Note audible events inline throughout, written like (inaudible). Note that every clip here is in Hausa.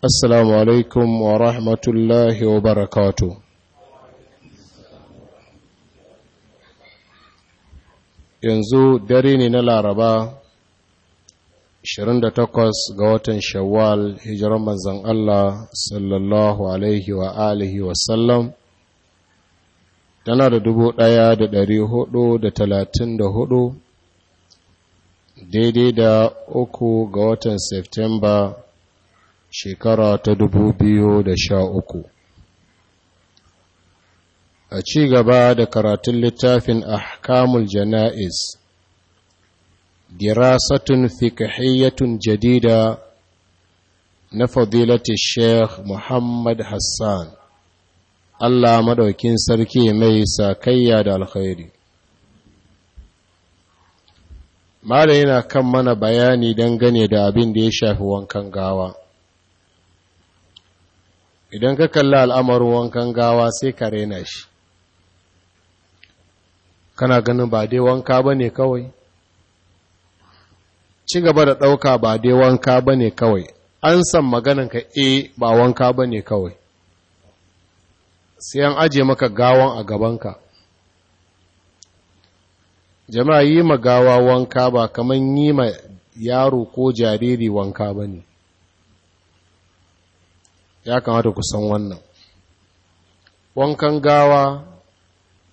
Assalamu alaikum wa rahmatullahi wa barakatu. Yanzu dare ne na Laraba, 28 ga watan Shawwal, hijiran manzan Allah, sallallahu Alaihi wa alihi tana da dubu ɗaya da ɗari hudu da talatin da hudu, daidai da uku ga watan Septemba, shekara ta dubu biyu da sha uku. a ci gaba da karatun littafin ahkamul jana'iz dirasatun fiqhiyyatun jadida na fadilati sheikh muhammad hassan allah maɗaukin sarki mai sakayya da alkhairi mala yana kan mana bayani dangane da abin da ya shafi wankan gawa idan ka kalla al'amarin wankan gawa sai ka rena shi kana ganin ba dai wanka ba ne kawai ci gaba da ɗauka ba dai wanka ba ne kawai an san maganinka e eh, ba wanka ba ne kawai sai an aje maka gawan a gabanka jama'a yi ma gawa wanka ba kamar yi ma yaro ko jariri wanka ba ne ya kamata ku san wannan wankan gawa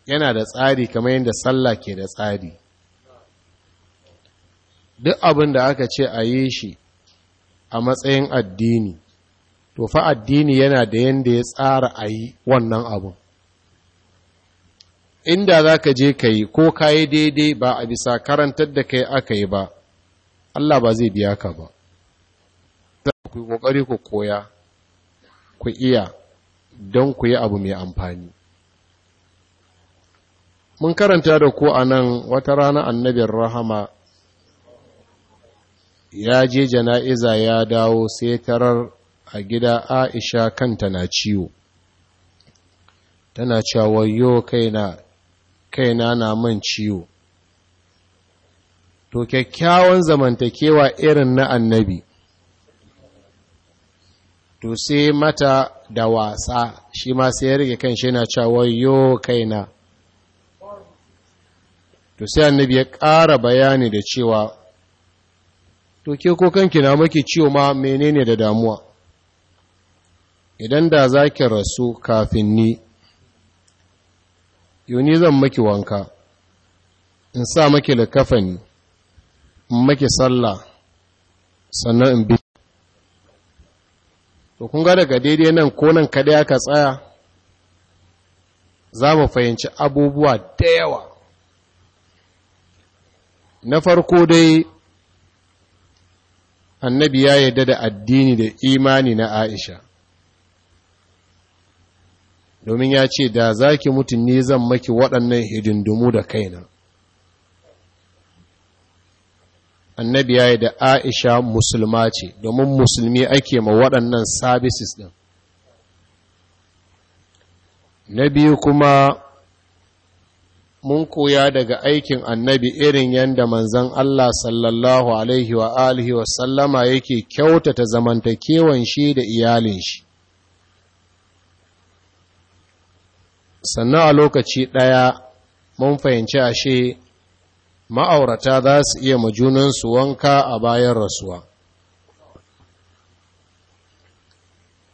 yana da tsari kamar yadda sallah ke da tsari duk abin da aka ce a yi shi a matsayin addini to fa addini yana da yadda ya tsara a yi wannan abin inda za ka je ka yi ko ka yi daidai ba a bisa karantar da ka yi aka yi ba Allah ba zai biya ka ba ku yi ƙoƙari ku koya ku iya don ku yi abu mai amfani mun karanta da ku a nan wata rana annabin rahama ya je jana'iza ya dawo sai tarar a gida aisha kanta na ciwo tana cewa wayo kaina kaina na man ciwo to kyakkyawan zamantakewa irin na annabi to sai mata da wasa shi ma sai ya rike kan shi yana cewa yo kaina to sai annabi ya ƙara bayani da cewa to ke ko kanki na maki ciwo ma menene da damuwa idan da za ki rasu kafin ni ni zan maki wanka in sa maki likafani in maki sallah sannan in bi to kun ga daga daidai nan ko nan kaɗai aka tsaya za mu fahimci abubuwa da yawa na farko dai annabi ya yarda da addini da imani na aisha domin ya ce da zaki ki ne zan maki waɗannan hidindumu da kaina annabi ya yi da aisha musulma ce domin musulmi ake ma waɗannan sabisis ɗin na biyu kuma mun koya daga aikin annabi irin yadda manzan Allah sallallahu alaihi wa alihi wa sallama yake kyautata zamantakewan shi da iyalin shi sannan a lokaci ɗaya mun fahimci ashe ma'aurata za su iya majunansu wanka a bayan rasuwa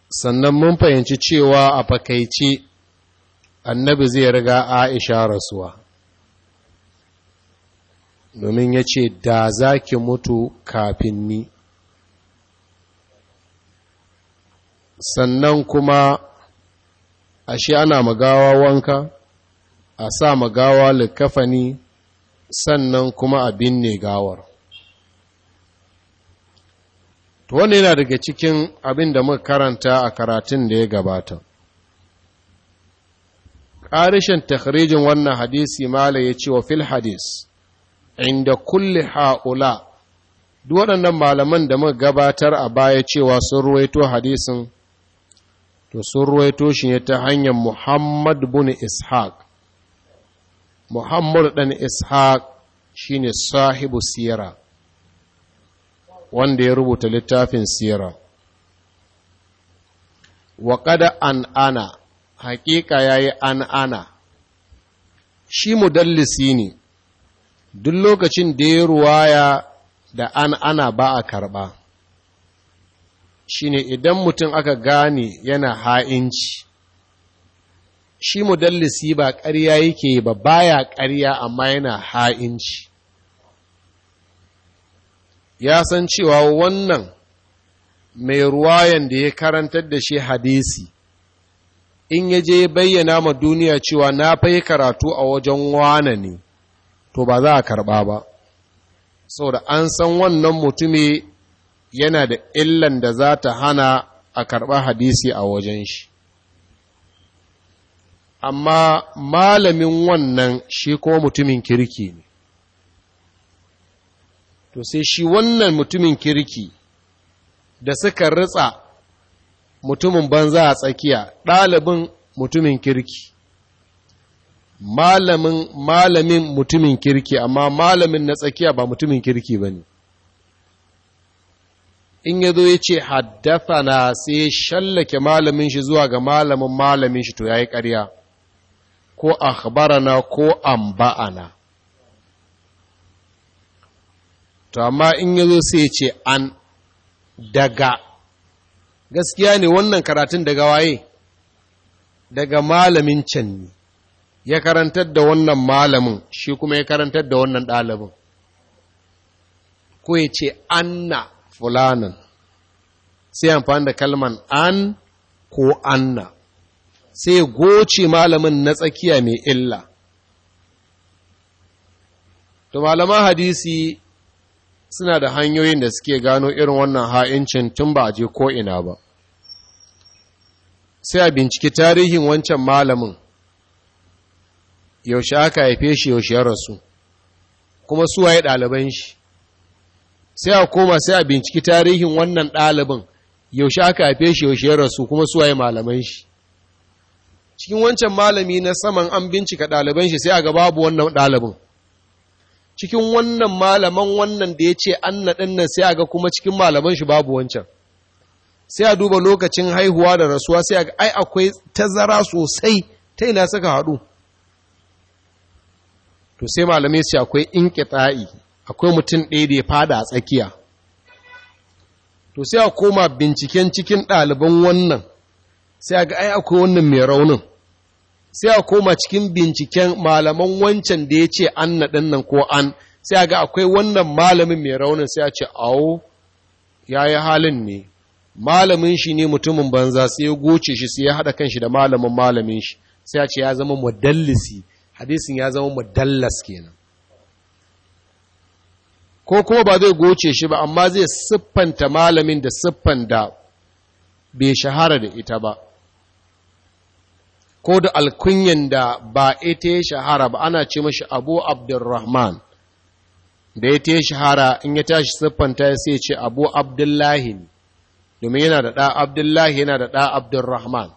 sannan mun fahimci cewa a fakaici annabi zai riga aisha rasuwa domin ya ce da za ki mutu kafin ni sannan kuma ashe ana magawa wanka a sa magawa likafani sannan kuma a binne gawar to wannan yana daga cikin abin da muka karanta a karatun da ya gabata ƙarishin takhrijin wannan hadisi mala ya ce wa fil hadis inda kulli ha'ula duk waɗannan malaman da muka gabatar a baya cewa sun ruwaito hadisin to sun ruwaito shi ta hanyar muhammad bin ishaq Muhammadu ɗan ishaq shine sahibu siyara, wanda ya rubuta littafin siyara. wa kada an ana haƙiƙa ya yi an ana shi mudallisi ne duk lokacin da ya ruwaya da an ana ba a karɓa shi ne idan mutum aka gane yana ha'inci shi mudallisi ba ƙarya yake ba baya ƙarya amma yana ha'inci ya san cewa wannan mai ruwayan da ya karantar da shi hadisi in ya je bayyana ma duniya cewa na fai karatu a wajen wane ne to ba za a karɓa ba saboda an san wannan mutumi yana da illan da za ta hana a karɓa hadisi a wajen shi amma malamin wannan shi kuma mutumin kirki ne to sai shi wannan mutumin kirki da suka ritsa mutumin banza a tsakiya ɗalibin mutumin kirki malamin malamin mutumin kirki amma malamin na tsakiya ba mutumin kirki ba ne in ya zo ya ce haddafa na sai shallake malamin shi zuwa ga malamin malamin shi to ya yi ƙarya ko akhbarana ko amba'ana to amma in yazo sai ce an daga gaskiya ne wannan karatun daga waye daga malamin can ne ya karantar da wannan malamin shi kuma ya karantar da wannan ɗalibin ko ya ce anna fulanan sai amfani da kalman an ko anna sai goce malamin na tsakiya mai illa to malaman hadisi suna da hanyoyin da suke gano irin wannan ha'incin tun ba a je ko'ina ba sai a binciki tarihin wancan malamin yaushe aka haife shi yaushe ya rasu kuma suwaye ɗaliban shi sai a koma sai a binciki tarihin wannan ɗalibin yaushe aka haife shi yaushe ya rasu kuma suwaye malaman shi cikin wancan malami na saman an bincika ɗaliban shi sai a ga babu wannan ɗalibin cikin wannan malaman wannan da ya ce an naɗin nan sai a ga kuma cikin malaman shi babu wancan sai a duba lokacin haihuwa da rasuwa sai a ga ai akwai tazara sosai ta ina suka haɗu to sai malamai su akwai inkita'i akwai mutum ɗaya da ya fada a tsakiya to sai a koma binciken cikin ɗaliban wannan sai a ga ai akwai wannan mai raunin sai a koma cikin binciken malaman wancan da ya ce an na nan ko an sai a ga akwai wannan malamin mai raunin sai a ce awo ya yi halin ne malamin shi ne mutumin banza sai ya goce shi sai ya haɗa kanshi da malamin malamin shi sai a ce ya zama mudallisi hadisin ya zama mudallas kenan ko kuma ba zai goce shi ba amma zai siffanta malamin da siffan da bai shahara da ita ba ko da alkunyan da ba ita ya shahara ba ana ce mashi abu abdurrahman da ya ta shahara in ya tashi siffanta sai ce abu abdullahi domin yana da ɗa abdullahi yana da ɗa abdurrahman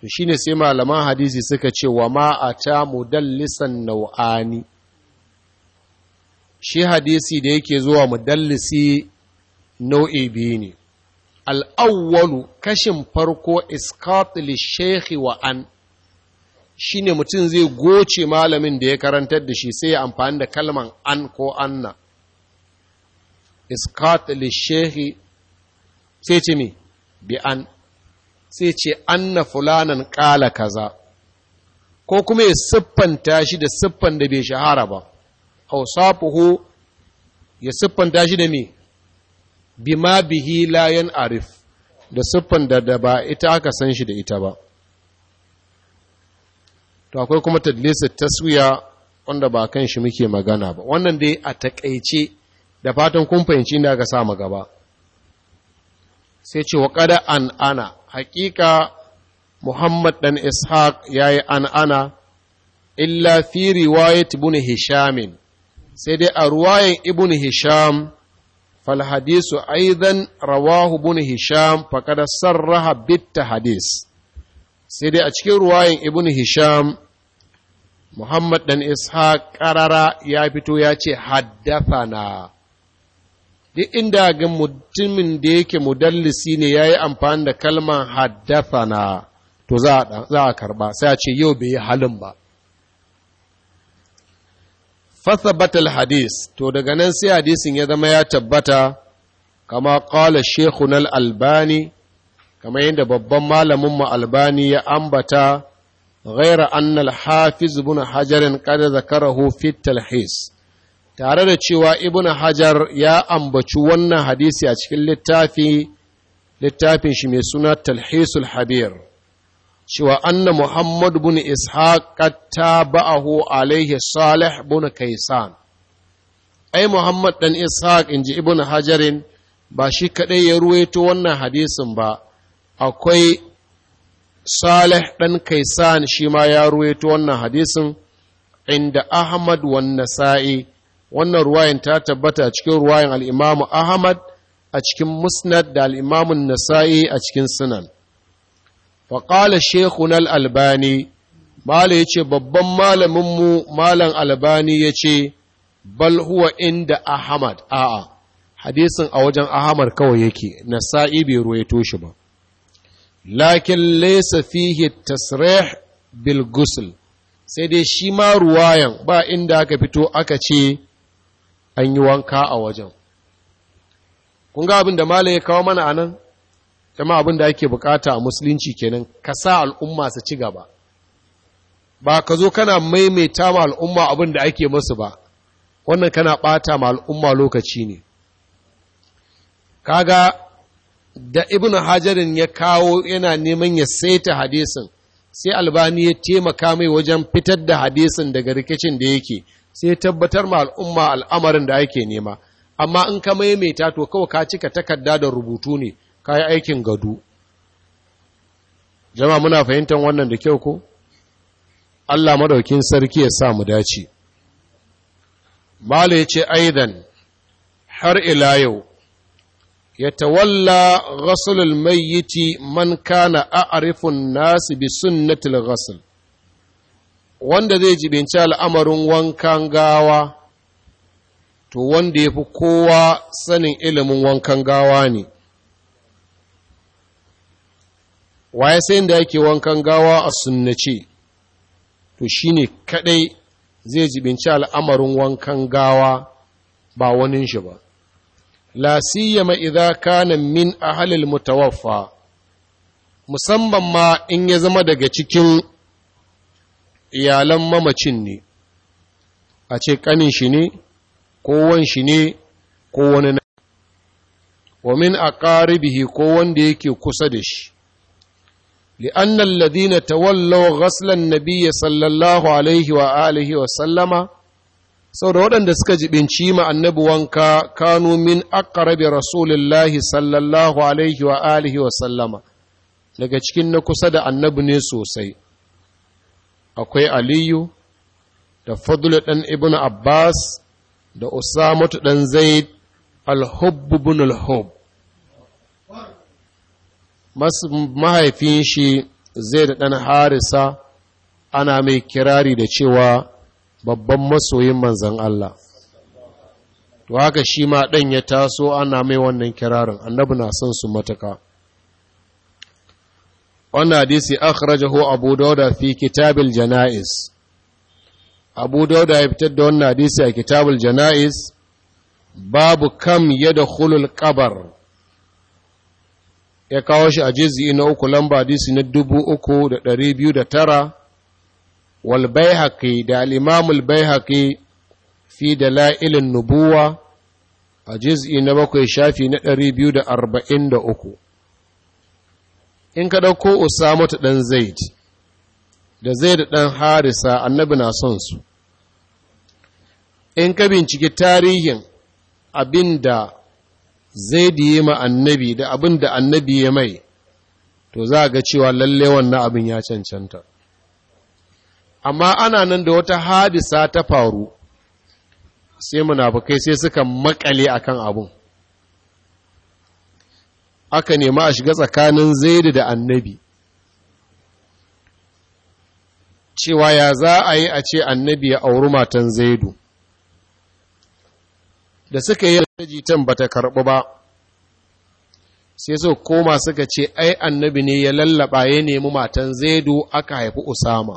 to shi ne sai malaman hadisi suka ce wa ma a ta mudallisan nau'ani shi hadisi da yake zuwa mu mudallisi nau'i biyu ne al'awwalu kashin farko iskatul shekhi wa an shi ne mutum zai goce malamin da ya karantar da shi sai ya amfani da kalman an ko anna iskatul shekhi sai ce mi bi an sai ce anna fulanan kala kaza ko kuma ya siffanta shi da siffan da bai shahara ba hausafuhu ya siffanta shi da mi bima bihi layan arif da siffan da da ba ita aka san shi da ita ba to akwai kuma tadlisar taswiya wanda ba kan shi muke magana ba wannan dai a takaice da fatan kun fahimci inda aka sa gaba sai ce wa kada an ana hakika muhammad dan ishaq yayi an ana illa fi riwayat ibn hisham sai dai a ruwayan ibn hisham rawahu أيضا Hisham ابن هشام فقد صرح بالتحديث سيدي أشكي رواية ابن هشام محمد بن إسحاق قرر يا بتو يا حدثنا duk inda ga mutumin da yake mudallisi ne ya yi amfani da kalmar haddafana to za'a karɓa karba sai a yau bai yi halin ba batal hadis to daga nan sai hadisin ya zama ya tabbata kama qala shaykhuna al-albani kama yadda babban malamin mu albani ya ambata ghaira anna al-hafiz ibn hajar qad zakarahu fi talhis tare da cewa ibn hajar ya ambaci wannan hadisi a cikin littafi littafin shi mai suna talhisul habir cewa anna Muhammad bin Ishaq ba'ahu alaihi Salih bin Kaisan ai Muhammad dan Ishaq inji Ibn Hajarin ba shi kadai ya ruwaito wannan hadisin ba akwai Salih dan Kaisan shi ma ya ruwaito wannan hadisin inda Ahmad wan Nasa'i wannan ruwayan ta tabbata cikin ruwayan al-Imam Ahmad a cikin Musnad da al Nasa'i a cikin Sunan wa shekunan albani Malam ya ce babban malaminmu malam albani ya ce bal huwa inda ahmad a'a hadisin a wajen ahmad kawai yake na sa'i bai ruwaito shi ba lakin laisa fihi tasrih bil gusl sai dai shi ma ruwayan ba inda aka fito aka ce an yi wanka a wajen kun ga abin da Malam ya kawo mana anan jama abin da ake bukata a musulunci kenan ka sa al'umma su ci gaba ba ka zo kana maimaita ma al'umma abin da ake masu ba wannan kana bata ma al'umma lokaci ne kaga da ibn hajarin ya kawo yana neman ya saita hadisin sai albani ya taimaka mai wajen fitar da hadisin daga rikicin da yake sai tabbatar ma al'umma al'amarin da ake nema amma in ka maimaita to kawai ka cika takarda da rubutu ne ka yi aikin gado jama muna fahimtar wannan da kyau ko Allah madaukin sarki ya sa mu dace mala yace ce aidan har ila yau ya tawalla ghasulul mayyiti man kana an nas bi sunnatil ghasl wanda zai jibinci al'amarin wankan gawa to wanda yafi kowa sanin ilimin wankan gawa ne waye sai da yake wankan gawa a sunnace to shi ne kadai zai jibinci al'amarin wankan gawa ba wanin shi ba la siyama idza kana min ahlil mutawaffa musamman ma in ya zama daga cikin iyalan mamacin ne a ce kanin shi ne ko wan shi ne ko wani na wa min aqaribihi ko wanda yake kusa da shi لأن الذين تولوا غسل النبي صلى الله عليه وآله وسلم sau da waɗanda suka jibinci ma annabi wanka kanu min aqrabi rasulillahi sallallahu alaihi wa alihi wa sallama daga cikin na kusa da annabi ne sosai akwai aliyu da fadlu ɗan ibn abbas da usamatu ɗan zaid al-hubb ibn al-hubb mahaifin shi zai da ɗan harisa ana mai kirari da cewa babban masoyin manzan Allah to haka shi ma ɗan ya taso ana mai wannan kirarin annabi na son su mataka wannan hadisi akhrajahu abu dauda fi kitabil janaiz abu dauda ya fitar da wannan hadisi a kitabul janaiz babu kam yadkhulul qabr ya kawo shi a jizi na uku lamba hadisi na dubu uku da ɗari biyu da tara walbai haƙi da al'imamul haƙi fi da la'ilin nubuwa a jizi na bakwai shafi na ɗari biyu da arba'in da uku in ka ɗauko usamu ta ɗan zaid da zaid ɗan harisa annabi na son su in ka binciki tarihin abin da zaidi ya ma annabi da abin da annabi ya mai to za ga cewa lalle wannan abin ya cancanta amma ana nan da wata hadisa ta faru sai munafukai sai suka makale akan abun aka nema a shiga tsakanin zaidi da annabi cewa ya za a yi a ce annabi ya auri matan zaidu da suka yi jitan ba ta karɓu ba sai su koma suka ce ai annabi ne ya lallaba ya nemi matan zaidu aka haifi usama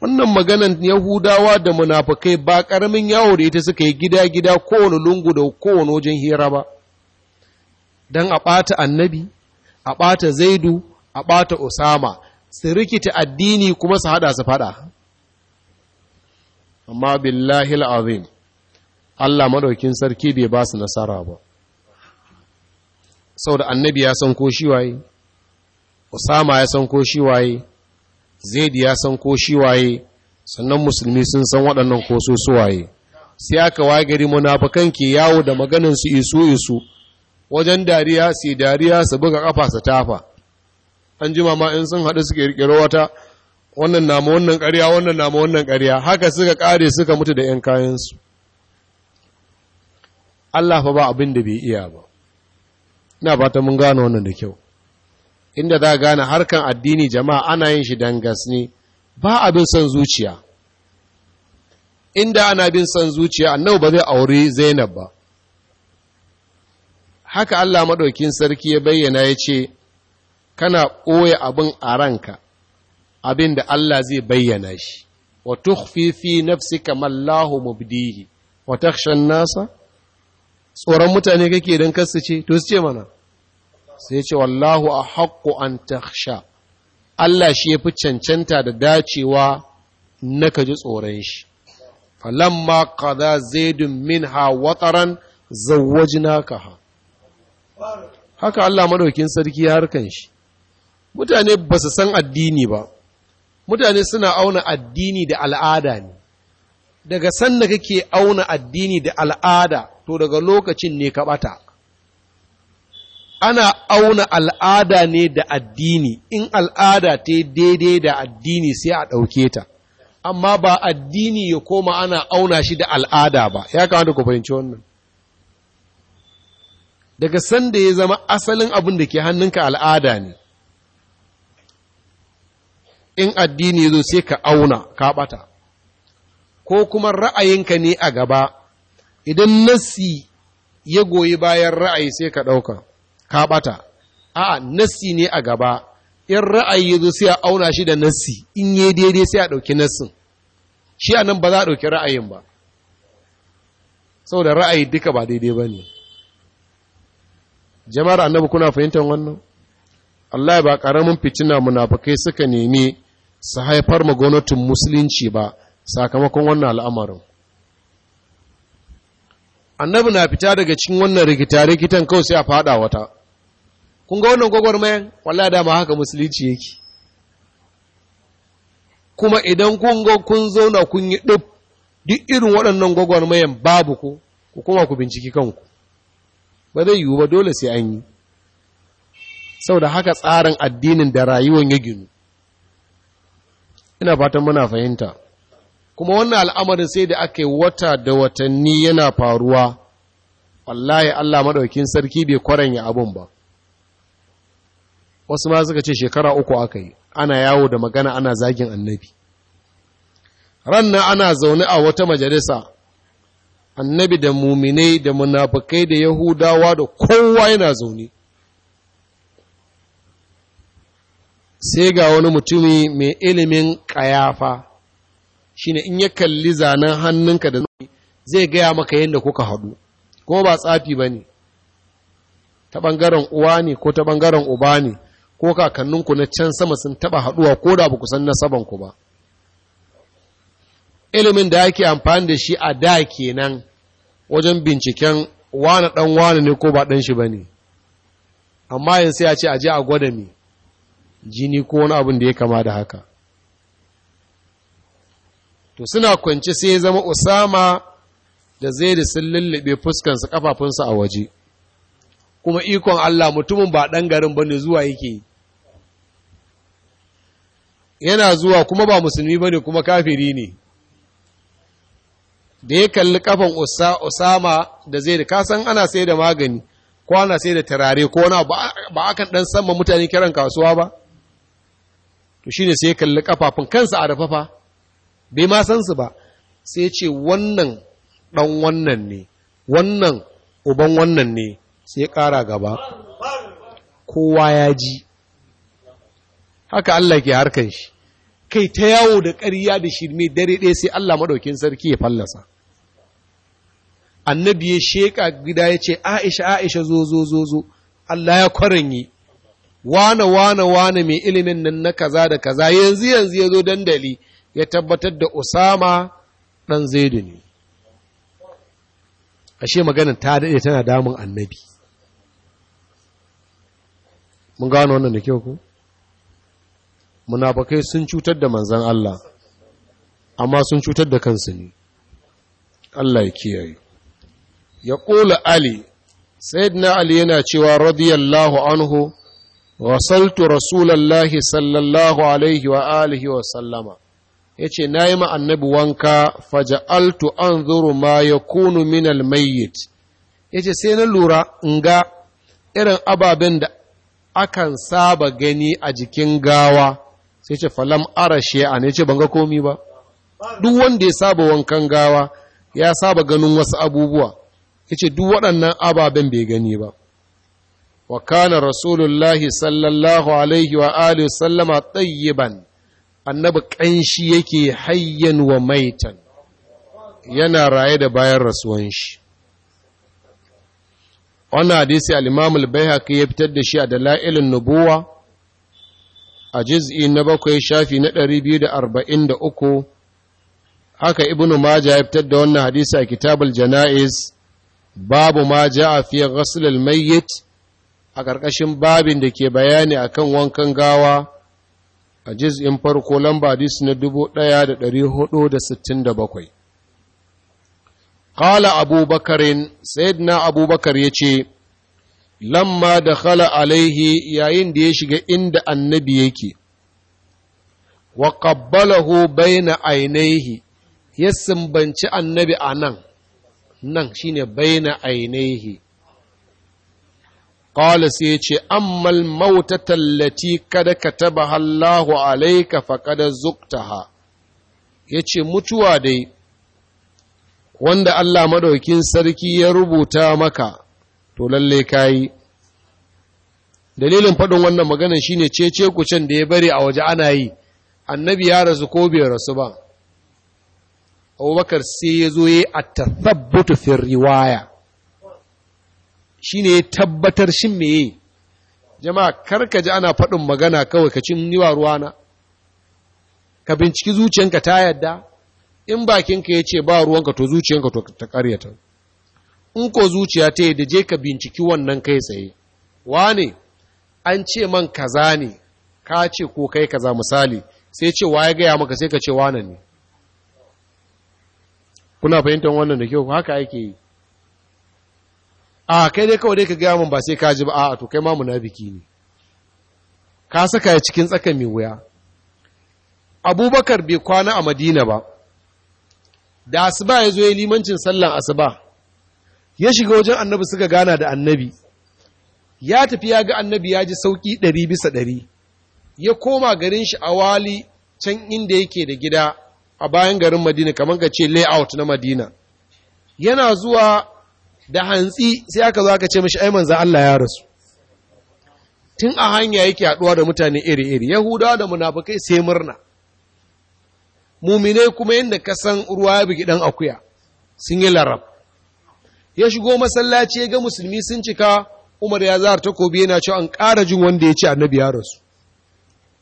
wannan maganan yahudawa da munafukai ba ƙaramin yawo da ita suka yi gida-gida kowane lungu da kowane wajen hira ba don a ɓata annabi a ɓata zaidu a ɓata usama su rikita addini kuma su haɗa su faɗa amma billahi al'azim Allah madaukin sarki bai ba su nasara ba da annabi ya san ko shi waye Usama ya san ko shi waye Zaid ya san ko shi waye sannan musulmi sun san waɗannan ko su waye. sai aka gari munafikan ke yawo da maganin su isu isu wajen dariya sai dariya su buga kafa su tafa an jima ma in sun haɗu suke kirkiro wata wannan namu wannan ƙarya wannan namu wannan ƙarya haka suka ƙare suka mutu da 'yan kayansu Allah fa ba abin da bai iya ba ina fata mun gane wannan da kyau inda za gane harkan addini jama'a ana yin shi dangas gasni ba abin son zuciya inda ana bin san zuciya annabi ba zai aure Zainab ba haka Allah maɗaukin sarki ya bayyana ya ce kana ɓoye abin a ranka abin da Allah zai bayyana shi wa tukhfi fi nafsika ma Allahu mubdihi wa takhsha nasa tsoron mutane kake don kasu ce to su ce mana sai ce wallahu a haƙƙo an tasha Allah shi ya fi cancanta da dacewa na kaji tsoron shi ma falamma qada zaidun ha wataran zawwajnakaha haka Allah maɗaukin sarki ya harkan shi mutane ba su san addini ba mutane suna auna addini da al'ada ne daga sannan kake auna addini da al'ada to daga lokacin ne ka bata ana auna al'ada ne da addini in al'ada ta daidai da addini sai a ɗauke ta amma ba addini ya koma ana auna shi da al'ada ba ya kamata ku fahimci wannan daga sanda ya zama asalin abin da ke hannunka al'ada ne in addini ya zo sai ka auna ka ɓata ko kuma ra'ayinka ne a gaba idan nassi ya goyi bayan ra'ayi sai ka ɗauka ka ɓata a'a nassi ne a gaba in ra'ayi ya zo sai a auna shi da nassi in yi daidai sai a ɗauki nassin shi a nan ba za a ɗauki ra'ayin ba saboda ra'ayi duka ba daidai ba ne jama'ar annabu kuna fahimtar wannan Allah ba ƙaramin fitina munafukai suka nemi su haifar ma musulunci ba sakamakon wannan al'amarin annabi na fita daga cikin wannan rikita-rikitan kawai sai a fada wata kun ga wannan gwagwarmayan wallahi dama haka musulunci yake kuma idan kun ga kun zauna kun yi duk duk irin waɗannan gwagwarmayan babu ku ku kuma ku binciki kanku ba zai yiwu ba dole sai an yi sau da haka tsarin addinin da rayuwan ya ginu ina fatan muna fahimta kuma wannan al'amarin sai da aka yi wata da watanni yana faruwa wallahi Allah maɗaukin sarki bai kwaranya abin ba wasu ma suka ce shekara uku aka yi ana yawo da magana ana zagin annabi rannan ana zaune a wata majalisa annabi da muminai da munafukai da yahudawa da kowa yana zaune sai ga wani mutumi mai ilimin ƙayafa shine in ya kalli zanen hannunka da zai gaya maka yadda kuka haɗu ko ba tsafi ba ne ta ɓangaren uwa ne ko ta ɓangaren uba ne ko kakanninku na can sama sun taɓa haɗuwa ko da ba ku san ku ba ilimin da ake amfani da shi a da kenan wajen binciken wane ɗan wane ne ko ba ɗan shi ba ne amma yin ya ce a je a gwada ne, jini ko wani abin da ya kama da haka to suna kwanci sai ya zama usama da zaidu sun lullube fuskansa kafafunsa a waje kuma ikon Allah mutumin ba ɗan garin ne zuwa yake yana zuwa kuma ba musulmi ne kuma kafiri ne da ya kalli kafan usama da zaidu kasan ana sai da magani ko ana sai da tarare ko na ba akan ɗan sama mutane kiran kasuwa ba to shi ne sai ya kalli kafafun kansa a rafafa bai ma san su ba sai ce wannan ɗan wannan ne wannan uban wannan ne sai ƙara gaba kowa ya ji haka Allah ke harkar shi kai ta yawo da ƙarya da shirme dare ɗaya sai Allah maɗaukin sarki ya fallasa annabi ya sheƙa gida ya ce aisha aisha zo zo zo zo Allah ya kwaranyi wane wane wane mai ilimin nan na kaza da kaza yanzu yanzu ya zo dandali ya tabbatar da usama ɗan zaidu ne ashe maganin ta daɗe tana damun annabi mun gano wannan da kyau ku munafakai sun cutar da manzan Allah amma sun cutar da kansu ne Allah ya kiyaye ya ƙola Ali sayyidina Ali yana cewa radiyallahu anhu wasaltu rasulallahi sallallahu alaihi wa alihi wa sallama Yace nayi na yi annabi wanka faja'altu an ma yakunu min almayyit Yace sai na lura in ga irin ababen da akan saba gani a jikin gawa sai ce falam ara shi'an ya ce ban komi ba duk wanda ya saba wankan gawa ya saba ganin wasu abubuwa Yace duk waɗannan ababen bai gani ba wa kana rasulullahi sallallahu alaihi wa alihi sallama tayyiban annabi ƙanshi yake hayyan wa maitan yana raye da bayan rasuwan shi wannan hadisi al-imamul bayhaqi ya fitar da shi a dalailin nubuwa a juz'i na bakwai shafi na 243 haka ibnu majah ya fitar da wannan hadisi a kitabul janaiz babu ma ja'a fi ghusl al-mayyit a ƙarƙashin babin da ke bayani akan wankan gawa a jiz'in farko lamba dis na 1467 qala abubakarin sayyidina abubakar ya ce lamma dakhala alaihi yayin da ya shiga inda annabi yake wa qabbalahu na ainihi ya sumbanci annabi a nan nan shine baina ainihi Ƙawala sai ya ce, Ammal mauta tallaci kada ka taba Allahu alaika faƙada zuktaha, ya ce, Mutuwa dai, wanda Allah maɗaukin sarki ya rubuta maka, to lalle ka yi. Dalilin faɗin wannan magana shi ne cece kucin da ya bari a waje ana yi, annabi ya rasu ko bai rasu ba. Abubakar sai ya zo ya yi a riwaya. shine ya tabbatar shin meye jama'a karka ji ana faɗin magana kawai ka cin niwa ruwana ka binciki zuciyanka ta yadda in bakinka ya ce ba ruwanka to zuciyanka to ta karyata in ko zuciya ta yadda je ka binciki wannan kai tsaye wane an ce man kaza ne ka ce ko kai kaza misali sai ce wa ya gaya maka sai ka ce wane ne kuna fahimtar wannan da kyau haka ake yi a kai dai kawai dai ka gaya mun ba sai ka ji ba a to kai ma munafiki ne ka saka ya cikin tsakan mai wuya abubakar bai kwana a madina ba da asuba ya zo ya limancin sallan asuba ya shiga wajen annabi suka gana da annabi ya tafi ya ga annabi ya ji sauki ɗari bisa ɗari ya koma garin shi a wali can inda yake da gida a bayan garin madina kamar ka ce layout na madina yana zuwa da hantsi sai aka zo aka ce mashi ai manzan Allah ya rasu tun a hanya yake haɗuwa da mutane iri-iri yahudawa da munafukai sai murna mumine kuma yadda ka san ruwa ya bugi dan akuya sun yi larab ya shigo masallaci ya ga musulmi sun cika umar ya zara takobi yana cewa an ƙara jin wanda ya ce annabi ya rasu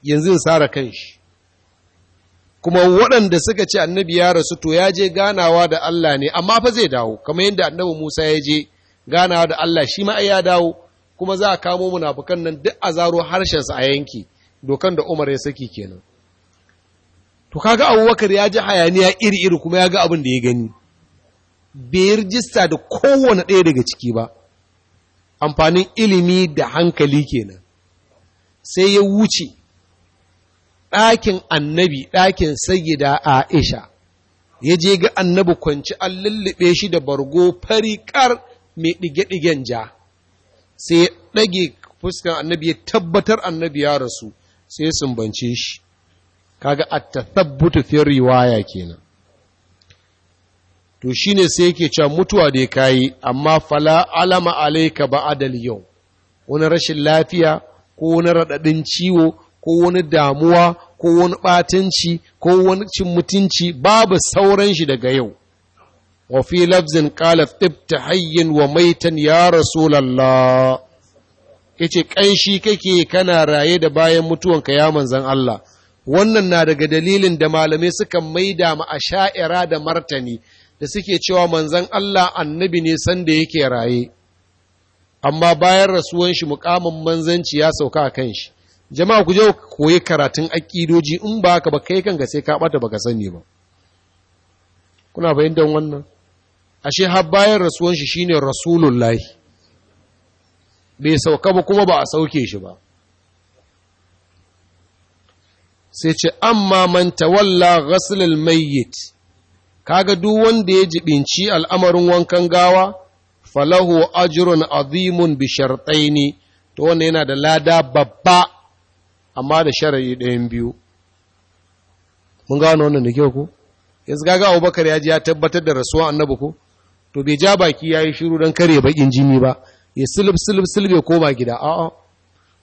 yanzu in sara kan shi kuma waɗanda suka ce annabi ya rasu to ya je ganawa da Allah ne amma fa zai dawo kamar yadda annabi Musa ya je ganawa da Allah shi ma ya dawo kuma za a kamo munafukan nan duk a zaro harshensa a yanki dokan da Umar ya saki kenan to kaga Abubakar ya ji hayaniya iri-iri kuma ya ga abin da ya gani bai rijista da kowane ɗaya daga ciki ba amfanin ilimi da hankali kenan sai ya wuce ɗakin annabi ɗakin sayyida aisha ya je ga annabi kwanci an lullube shi da bargo farikar mai ɗige-ɗigen ja sai ya ɗage fuskan annabi ya tabbatar annabi ya rasu sai ya sumbance shi kaga at-tathabbutu riwaya kenan to shine sai yake can mutuwa da ya kayi amma fala alama alaika ba adal yau wani rashin lafiya ko wani raɗaɗin ciwo ko wani damuwa ko wani ɓatanci ko wani cin mutunci babu sauran shi daga yau wa fi lafzin qala tibta hayyin wa maitan ya rasulullah yace ƙanshi kake kana raye da bayan mutuwanka ya manzan Allah wannan na daga dalilin da malamai suka maida ma sha'ira da martani da suke cewa manzon Allah annabi ne sanda yake raye amma bayan rasuwan shi mukamin manzanci ya sauka a kan shi jama'a ku je ku koyi karatun aƙidoji in ba ka ba kai kanka sai ka bata baka sani ba kuna fahimtar wannan ashe har bayan rasuwan shi shine rasulullahi bai sauka ba kuma ba a sauke shi ba sai ce amma man tawalla ghaslul mayyit kaga duk wanda ya jibinci al'amarin wankan gawa falahu ajrun azimun bi shartaini to wannan yana da lada babba amma da sharayi ɗayan biyu mun gano wannan da kyau ko yanzu gaga abubakar ya ji ya tabbatar da rasuwa annabi ko to bai ja baki ya yi shiru don kare bakin jini ba ya silib silib silib ya koma gida a'a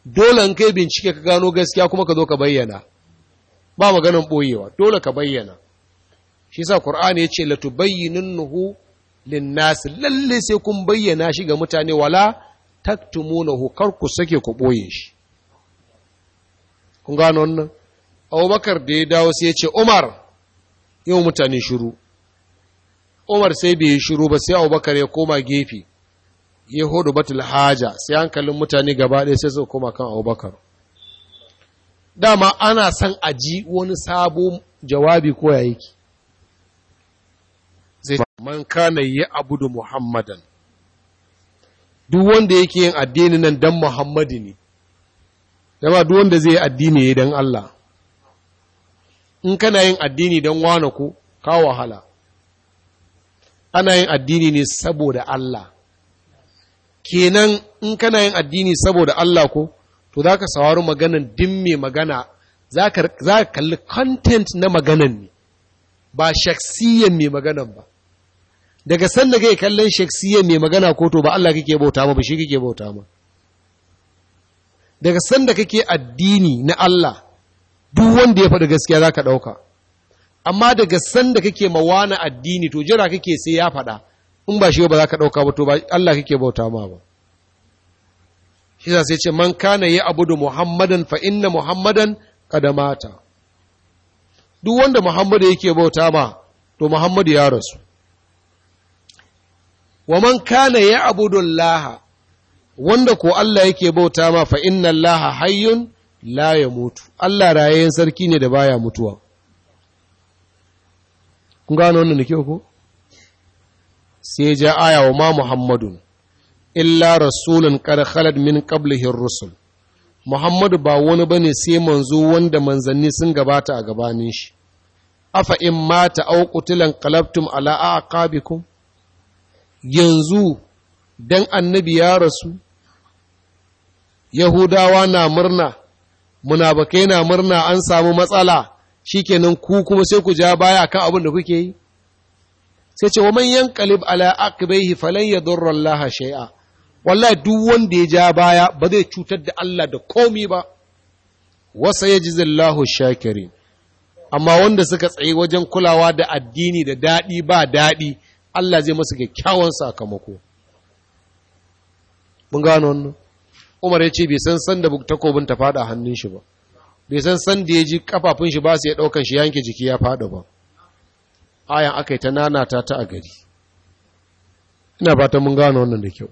dole in kai bincike ka gano gaskiya kuma ka zo ka bayyana ba maganan ɓoyewa dole ka bayyana shi sa qur'ani ya ce latubayyinuhu linnasi lalle sai kun bayyana shi ga mutane wala taktumunahu kar ku sake ku ɓoye shi kun gano wannan abubakar da ya dawo sai ya ce umar yau mutane shiru umar sai bai yi shiru ba sai abubakar ya koma gefe ya hudu batul haja sai hankalin mutane gaba ɗaya sai suka koma kan abubakar dama ana son a ji wani sabo jawabi ko ya yake zai man kana yi abu da muhammadan duk wanda yake yin addini nan dan Muhammadu ne jama duk wanda zai addini ya don Allah in kana yin addini don wane ku? ka wahala ana yin addini ne saboda Allah kenan in kana yin addini saboda Allah ko to za ka saurari maganan din mai magana za ka kalli content na maganan ne ba shaksiyan mai maganan ba daga sanda kai kallon shaksiyan mai magana ko to ba Allah kake bauta ma ba shi kake bauta ma daga sanda kake addini na Allah duk wanda ya faɗi gaskiya za ka ɗauka amma daga sanda kake mawana addini to jira kake sai ya faɗa in ba shi ba za ka ɗauka ba to ba Allah kake bauta ma ba shi za sai ce man kana ya abudu muhammadan fa inna muhammadan kada mata duk wanda muhammadu yake bauta ma to muhammadu ya rasu wa man kana ya abudu laha wanda ko Allah yake bauta ma fa inna Allah hayyun la yamutu Allah rayayyen sarki ne da baya mutuwa kun gano wannan da ko sai ja aya wa ma muhammadun illa rasulun qad khalad min qablihi rusul muhammadu ba wani bane sai manzo wanda manzanni sun gabata a gabanin shi afa in mata aw qutilan qalabtum ala aqabikum yanzu dan annabi ya rasu yahudawa na murna munabakai na murna an samu matsala shi shikenan ku kuma sai ku ja baya kan abin da kuke yi sai ce Waman man kalib ala falon ya yadurra Allah shai'a. wallahi duk wanda ya ja baya ba zai cutar da Allah da komi ba wasa ya ji zillahu shakirin amma wanda suka tsaye wajen kulawa da addini da daɗi ba daɗi Allah zai masu kyakkyawan sakamako mun gano wannan umar ya ce bai san san da takobin ta fada hannun shi ba bai san san da ya ji kafafun shi ba su ya daukan shi yanke jiki ya fada ba ayan aka yi ta nanata ta a gari ina ba ta mun gano wannan da kyau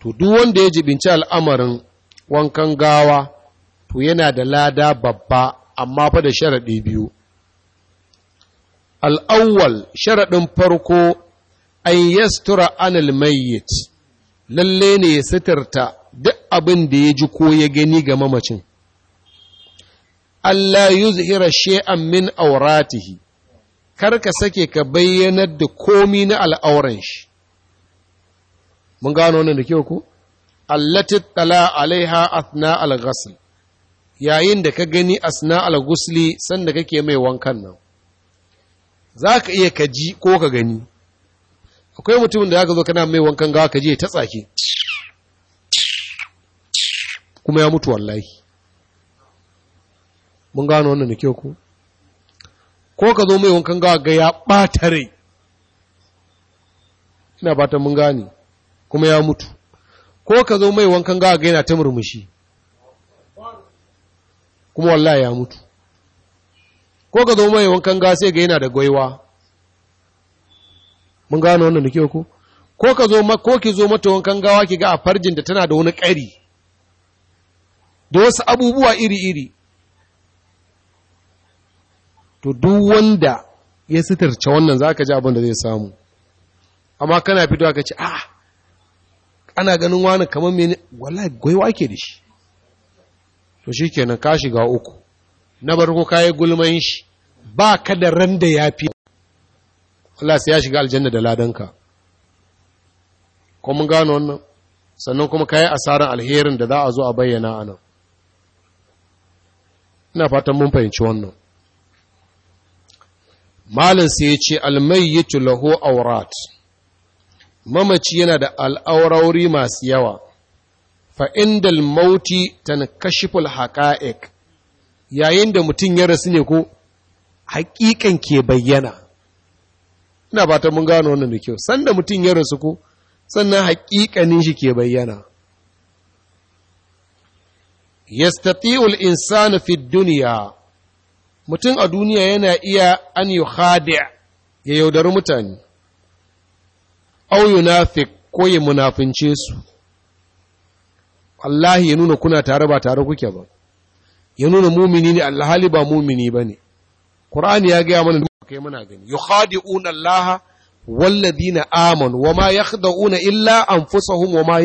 to duk wanda ya jibinci al'amarin wankan gawa to yana da lada babba amma fa da sharaɗi biyu al'awwal sharaɗin farko an yastura anil mayyit lalle ne ya sitarta duk abin da ya ji ko ya gani ga mamacin Allah zuhira she’an min auratihi kar ka sake ka bayyanar da komi na al'auran shi mun gano wannan da kyau ko allati tala alaiha athna al-ghusl yayin da ka gani asna al-ghusli sanda kake mai wankan nan za ka iya ka ji ko ka gani akwai mutumin da ya zo kana mai wankan gawa ka je ta tsaki kuma ya mutu wallahi mun gano wannan da kyau ku ko ka zo mai wankan gawa ga ya ɓata rai ina fatan mun gane kuma ya mutu ko ka zo mai wankan gawa ga yana ta murmushi kuma wallahi ya mutu ko ka zo mai wankan gawa sai ga yana da gwaiwa mun gano wannan da ke ko ko ka zo ko ki zo mata wankan gawa ki ga a farjin da tana da wani ƙari da wasu abubuwa iri-iri to duk wanda ya sitarce wannan za ka ji abin da zai samu amma kana fito ka ce a ah, ana ganin wani kamar mai wallahi gwaiwa ke da shi to shi kenan ka shiga uku na barko kayi gulman shi ba ka da ran da ya fi Allah sai ya shiga aljanna da ladanka ko mun gano wannan sannan kuma kayi asaran alherin da za a zo a bayyana a nan ina fatan mun fahimci wannan malin sai ya ce almayyitu lahu aurat mamaci yana da al'aurauri masu yawa fa indal mauti tankashiful haqa'iq yayin da mutum ya rasu ne ko haƙiƙan ke bayyana ina ba ta mun gano wannan da kyau sanda mutum ya rasu ko sannan haƙiƙanin shi ke bayyana yastati'ul insanu fid duniya mutum a duniya yana iya an yi ya yaudari mutane au yunafiq ko ya munafince su Wallahi ya nuna kuna tare ba tare kuke ba ya nuna mumini ne alhali ba mumini ba ne Qur'ani ya gaya mana munafikai muna gani yukhadi'una Allah walladina amanu wama yakhda'una illa anfusahum wama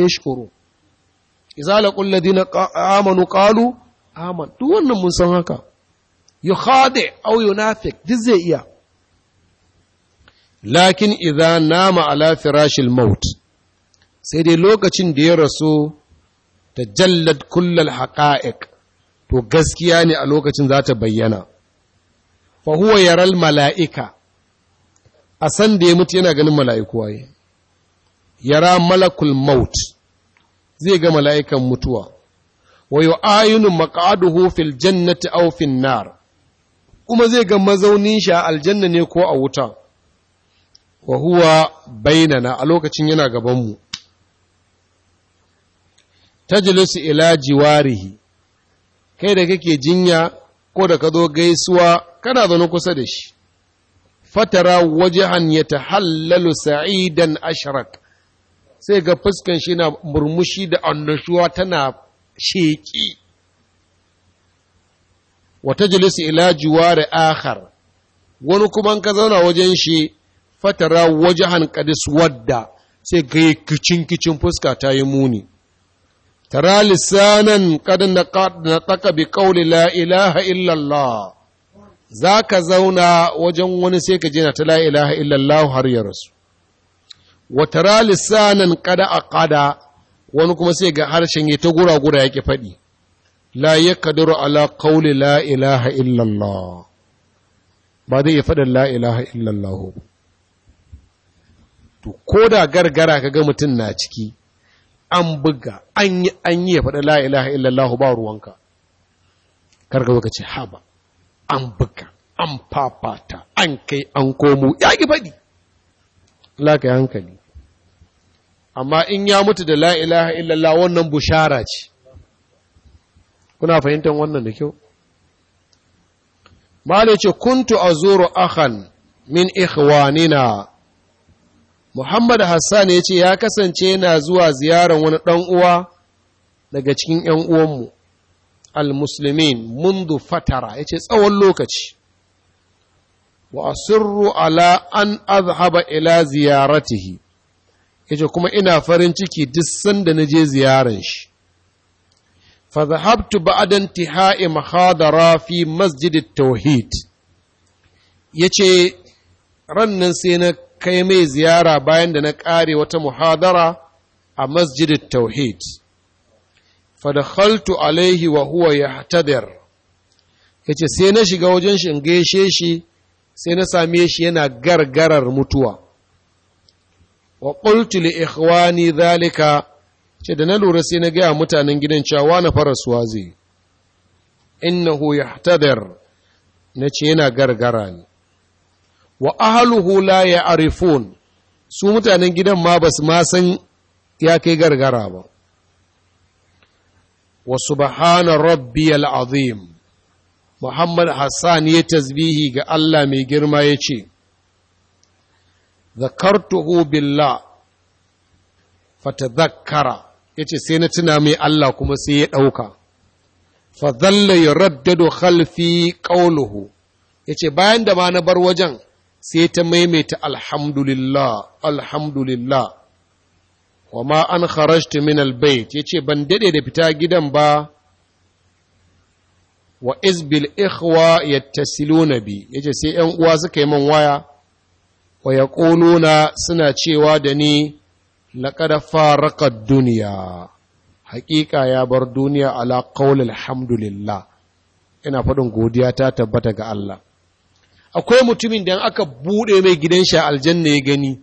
ladina amanu qalu aman wannan mun san haka yukhadi aw duk zai iya lakin idza nama ala firashil maut sai dai lokacin da ya rasu tajallad kullal haqa'iq to gaskiya ne a lokacin za ta bayyana fa yaral mala'ika a san da ya mutu yana ganin mala'iku waye yara malakul maut zai ga mala'ikan mutuwa wa yu'ayinu maq'aduhu fil jannati aw nar kuma zai ga mazaunin shi a aljanna ne ko a wuta Wahuwa bainana a lokacin yana gabanmu tajlisu ila jiwarihi kai da kake jinya ko da ka zo gaisuwa kana zaune kusa da shi fatara wajahan ya ta hallalu sa'idan ashrak sai ga fuskan shi na murmushi da annashuwa tana sheƙi wata jilisi ila juwari akhar wani kuma ka zauna wajen shi fatara wajahan kadis wadda sai ga kicin kicin fuska ta yi muni tara lisanan kadin na ƙaƙa bi la ilaha illallah za ka zauna wajen wani sai ka jina ta la'ilaha illallah har ya rasu wata nan kada a kada wani kuma sai ga harshen ya ta gura-gura ya ƙi faɗi la ya kaduru ala kauli la'ilaha ilaha illallah ba zai faɗin la ilaha illallah to ko da gargara ka ga mutum na ciki an buga an yi an yi ya faɗi la'ilaha illallah ba ruwanka karka ka ce haba an buga an fafata an kai an komo ya ki faɗi Allah ka hankali amma in ya mutu da la ilaha illallah wannan bushara ce kuna fahimtar wannan da kyau malai ce kuntu azuru akhan min ikhwanina Muhammad Hassan ya ce ya kasance yana zuwa ziyarar wani ɗan uwa daga cikin ‘yan uwanmu, al musulmin mundu fatara, ya ce tsawon lokaci, wa asirru ala an azhaba ila ziyaratihi yace kuma ina farin ciki duk sanda na je ziyarar shi fa zahabtu ba'da intihai muhadara fi masjid at-tauhid yace rannan sai na kai mai ziyara bayan da na ƙare wata muhadara a masjidin tauhid fa dakhaltu alaihi wa huwa yahtadir yace sai na shiga wajen shi in gaishe shi sai na same shi yana gargarar mutuwa wa qultu li ikhwani zalika ce da na lura sai na gaya mutanen gidan cewa na fara suwa zai innahu yahtadar na ce yana gargara ne wa ahluhu la ya'rifun su mutanen gidan ma basu ma san ya kai gargara ba wa subhana rabbiyal azim Muhammad Hassan ya tasbihi ga Allah mai girma ya ce, Zakartuhu billah fatadhakkara ya ce sai na tuna mai Allah kuma sai ya ɗauka. fazalla ya raddado khalfi ƙaunuhu ya ce bayan da ma na bar wajen sai ta maimaita alhamdulillah, alhamdulillah. wa ma an kharashta min albayt ce ban daɗe da fita gidan ba wa izbil ikhwa yattasiluna bi yace sai 'yan uwa suka yi min waya wa yaquluna suna cewa da ni laqad faraqa duniya haƙiƙa ya bar duniya ala qaulil alhamdulillah. ina fadin godiya ta tabbata ga Allah akwai mutumin da aka bude mai gidan shi aljanna ya gani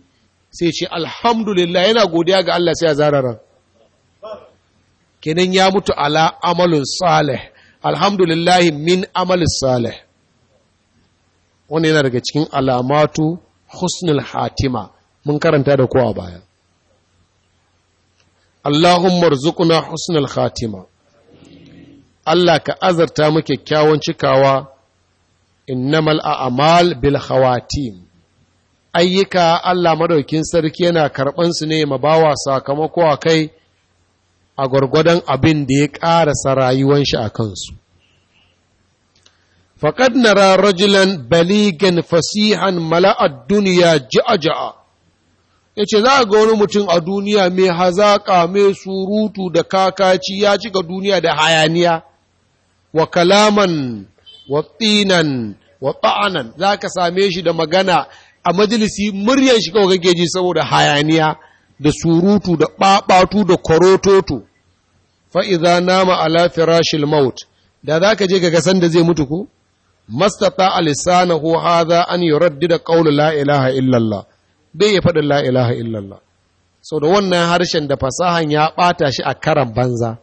sai ce alhamdulillah yana godiya ga Allah sai ya zararan kenan ya mutu ala amalun salih alhamdulillahi min amal salih wani yana daga cikin alamatu husnul hatima mun karanta da kowa baya Allahumma rzuqna husnul khatima Allah ka azarta mu kyakkyawan cikawa innamal a'mal bil khawatim ayyuka Allah madaukin sarki yana karɓan su ne ma bawa sakamako a kai a gwargwadon abin da ya ƙarasa rayuwan shi a kansu faƙad nara rajulan baligan fasihan mala'ad duniya ja'a-ja'a ya ce za ga wani mutum a duniya mai hazaƙa mai surutu da kakaci ya cika duniya da hayaniya wa kalaman wa tsinan wa ta'anan za ka same shi da magana a majalisi muryar shi kawai kake ji saboda hayaniya da surutu da ɓaɓatu da korototo fa'iza nama ala firashil maut da za ka je ka gasan da zai mutu ko mastata alisana ko haza an yi raddi da ƙaunar la'ilaha illallah bai ya faɗin la'ilaha illallah sau da wannan harshen da fasahan ya ɓata shi a karan banza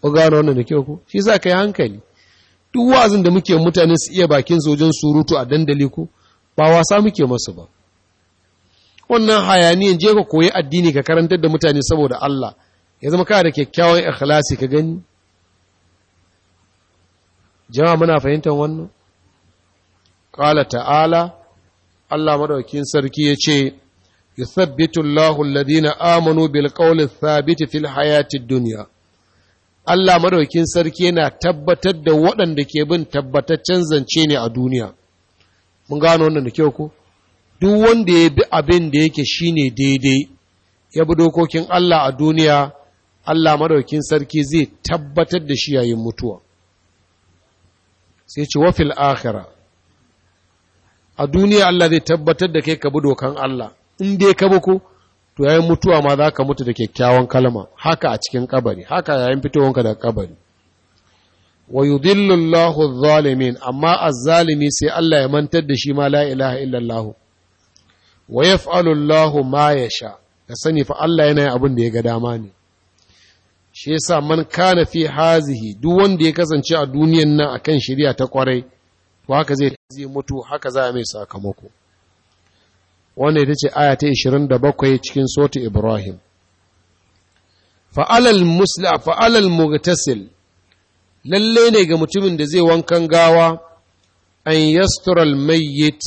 ku gano wannan da ko shi sa ka yi hankali duk wa'azin da muke mutane su iya bakin sojan surutu a dandali ko ba wasa muke masu ba wannan hayaniyan je ka koyi addini ka karantar da mutane saboda Allah ya zama kana da kyakkyawan ikhlasi ka gani jama'a muna fahimtar wannan qala ta'ala Allah madaukakin sarki yace yuthabbitu Allahu alladhina amanu bil qawli thabit fil hayati duniya. Allah madaukakin sarki yana tabbatar da waɗanda ke bin tabbataccen zance ne a duniya mun gano wannan da kyau ko duk wanda ya bi abin da yake ne daidai ya bi dokokin Allah a duniya Allah madaukin sarki zai tabbatar da shi yayin mutuwa sai ce wa fil akhira a duniya Allah zai tabbatar da kai ka bi dokan Allah in dai ka bi ko to yayin mutuwa ma za ka mutu da kyakkyawan kalma haka a cikin kabari haka yayin fitowanka daga kabari wa yudhillu Allahu adh-dhalimin amma az-zalimi sai Allah ya mantar da shi ma la ilaha Allah wa yaf'alu Allahu ma ya sha, ka sani fa Allah yana abin da ya ga dama ne shi ya sa man kana fi hazihi duk wanda ya kasance a duniyan nan akan shirya ta kwarai to haka zai zai mutu haka za a mai sakamako Wanda ya ce aya ta 27 cikin Soti Ibrahim fa'alal musla fa'alal mugtasil lalle ne ga mutumin da zai wankan gawa an yastural mayyit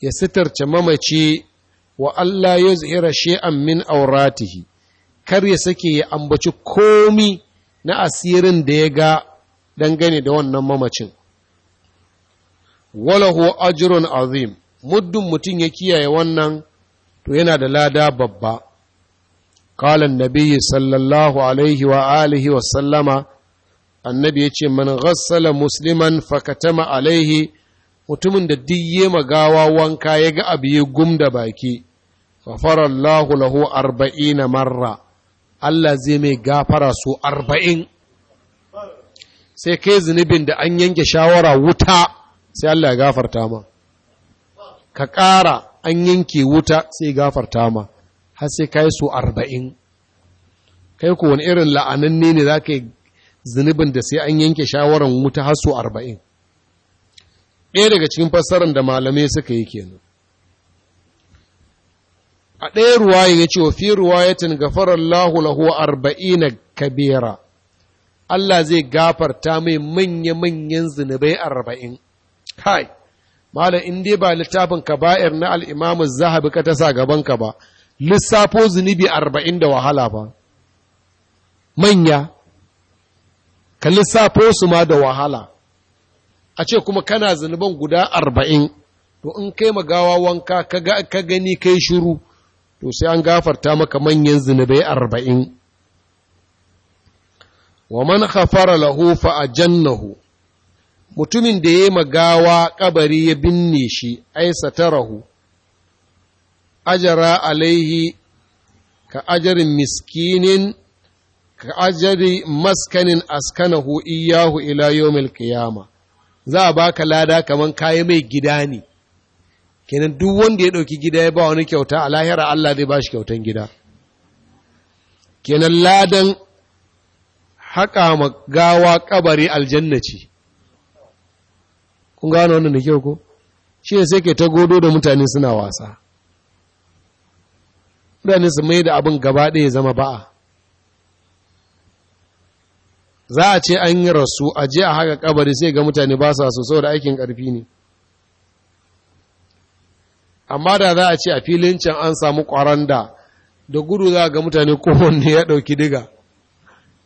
ya sitarce mamaci wa Allah ya zira shi’an min auratihi, kar ya sake ya ambaci komi na asirin da ya ga dangane da wannan mamacin. Walahu ajrun azim, muddin mutum ya kiyaye wannan to yana da lada babba. Kalan Nabi sallallahu alaihi wa alihi wa sallama, annabi ya ce, Man ghassala musliman fakatama alaihi mutumin da duk magawa wanka ya ga abu ya gum da baki Allah lahu arba'ina marra Allah zai mai gafara su arba'in sai kai zunubin da an yanke shawara wuta sai Allah ya gafarta ma ka ƙara an yanke wuta sai gafarta ma har sai kai su arba'in kai ko wani irin la'ananne ne za ka yi zunubin da sai an yanke shawaran wuta har su arba'in ɗaya daga cikin fassarar da malamai suka yi kenan a ɗaya ruwa ya ce wa fi ruwayatin gafarar lahu lahu arba'ina kabera Allah zai gafarta mai manya-manyan zunubai arba'in kai malam in dai ba littafin kaba'ir na al'imamu zahabi ka ta sa gaban ka ba lissafo zunubi arba'in da wahala ba manya ka lissafo su ma da wahala a ce kuma kana zunuban guda arba'in to in kai magawa wanka ka gani kai shiru to sai an gafarta maka manyan zunubai arba'in wa man khafara lahu fa ajannahu mutumin da ya magawa kabari ya binne shi ai satarahu ajara alaihi ka ajarin miskinin ka ajari maskanin askanahu iyahu ila yawmil qiyamah za a baka lada kaman kayi mai gida ne kenan duk wanda ya ɗauki gida ya ba wani kyauta a lahira Allah zai ba shi kyautan gida kenan ladan haƙa ma gawa kabari aljanna ce kun gano wannan da kyau ko shi ne sai ke ta godo da mutane suna wasa mutane su mai da abin gaba ɗaya zama ba'a za a ce an yi rasu a je a haka kabari sai ga mutane ba sa so saboda aikin karfi ne amma da za a ce a filin can an samu kwaran da gudu za ga mutane kowanne ya ɗauki diga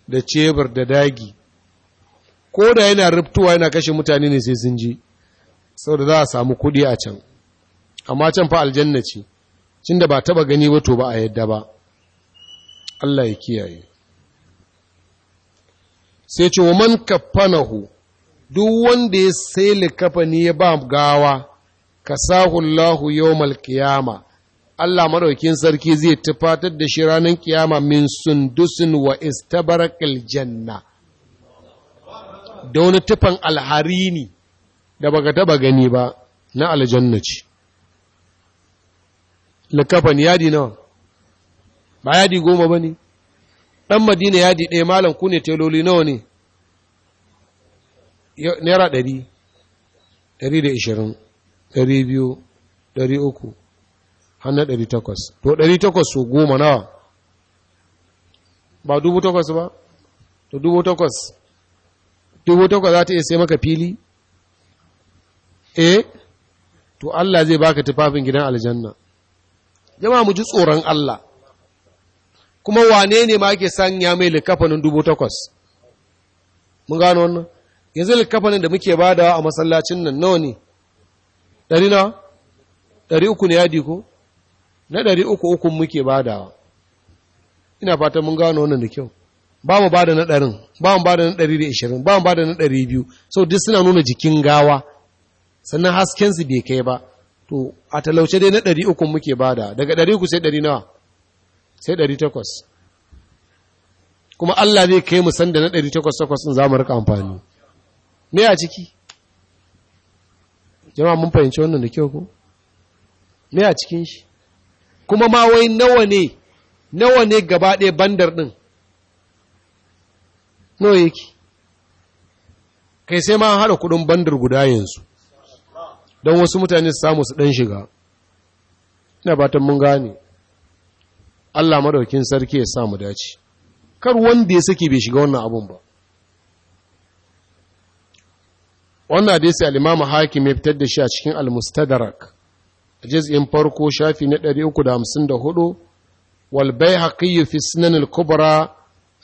da cebur da dagi ko da yana rubtuwa yana kashe mutane ne sai sun ji saboda za a samu kuɗi a can amma can fa aljanna ce cin da ba taba gani ba to ba a yadda ba Allah ya kiyaye sai ce wa man kafanahu duk wanda ya sai kafani ya ba gawa kasahu Allahu yawmal qiyama Allah madaukin sarki zai tufatar da shi ranar kiyama min sundusin wa istabarakil janna da wani tufan ne da baka taba gani ba na aljanna ce likafan yadi nawa ba yadi goma ba ne ɗan madina ya ɗaya malam ku ne teloli nawa ne naira ɗari ɗari da ishirin ɗari biyu ɗari uku hannu ɗari takwas to ɗari takwas su goma nawa ba dubu takwas ba to dubu takwas dubu takwas za ta iya sai maka fili eh to Allah zai baka tufafin gidan aljanna jama'a mu ji tsoron Allah kuma wane ne ma ke sanya mai likafanin dubu takwas mun gano wannan yanzu likafanin da muke badawa a masallacin nan nawa ne ɗari na ɗari uku ne yadi ko na ɗari uku uku muke badawa ina fatan mun gano wannan da kyau ba mu bada na ɗarin ba mu bada na ɗari da ishirin ba mu bada na ɗari biyu sau duk suna nuna jikin gawa sannan haskensu bai kai ba to a talauce dai na ɗari uku muke bada daga ɗari uku sai ɗari nawa sai 800 kuma Allah zai kai mu da na 800 za mu rika amfani me a ciki jama'a mun fahimci wannan da kyau ko me a cikin shi kuma ma wai nawa ne nawa ne gaba ɗaya bandar ɗin nawa yake kai sai ma haɗa kuɗin bandar guda yanzu don wasu mutane su samu su ɗan shiga ina batan mun gane Allah madaukin sarki ya sa mu dace kar wanda ya saki bai shiga wannan abun ba wannan hadisi al-Imam Hakim ya fitar da shi a cikin al-Mustadrak juz'in farko shafi na 354 wal Baihaqi fi Sunan al-Kubra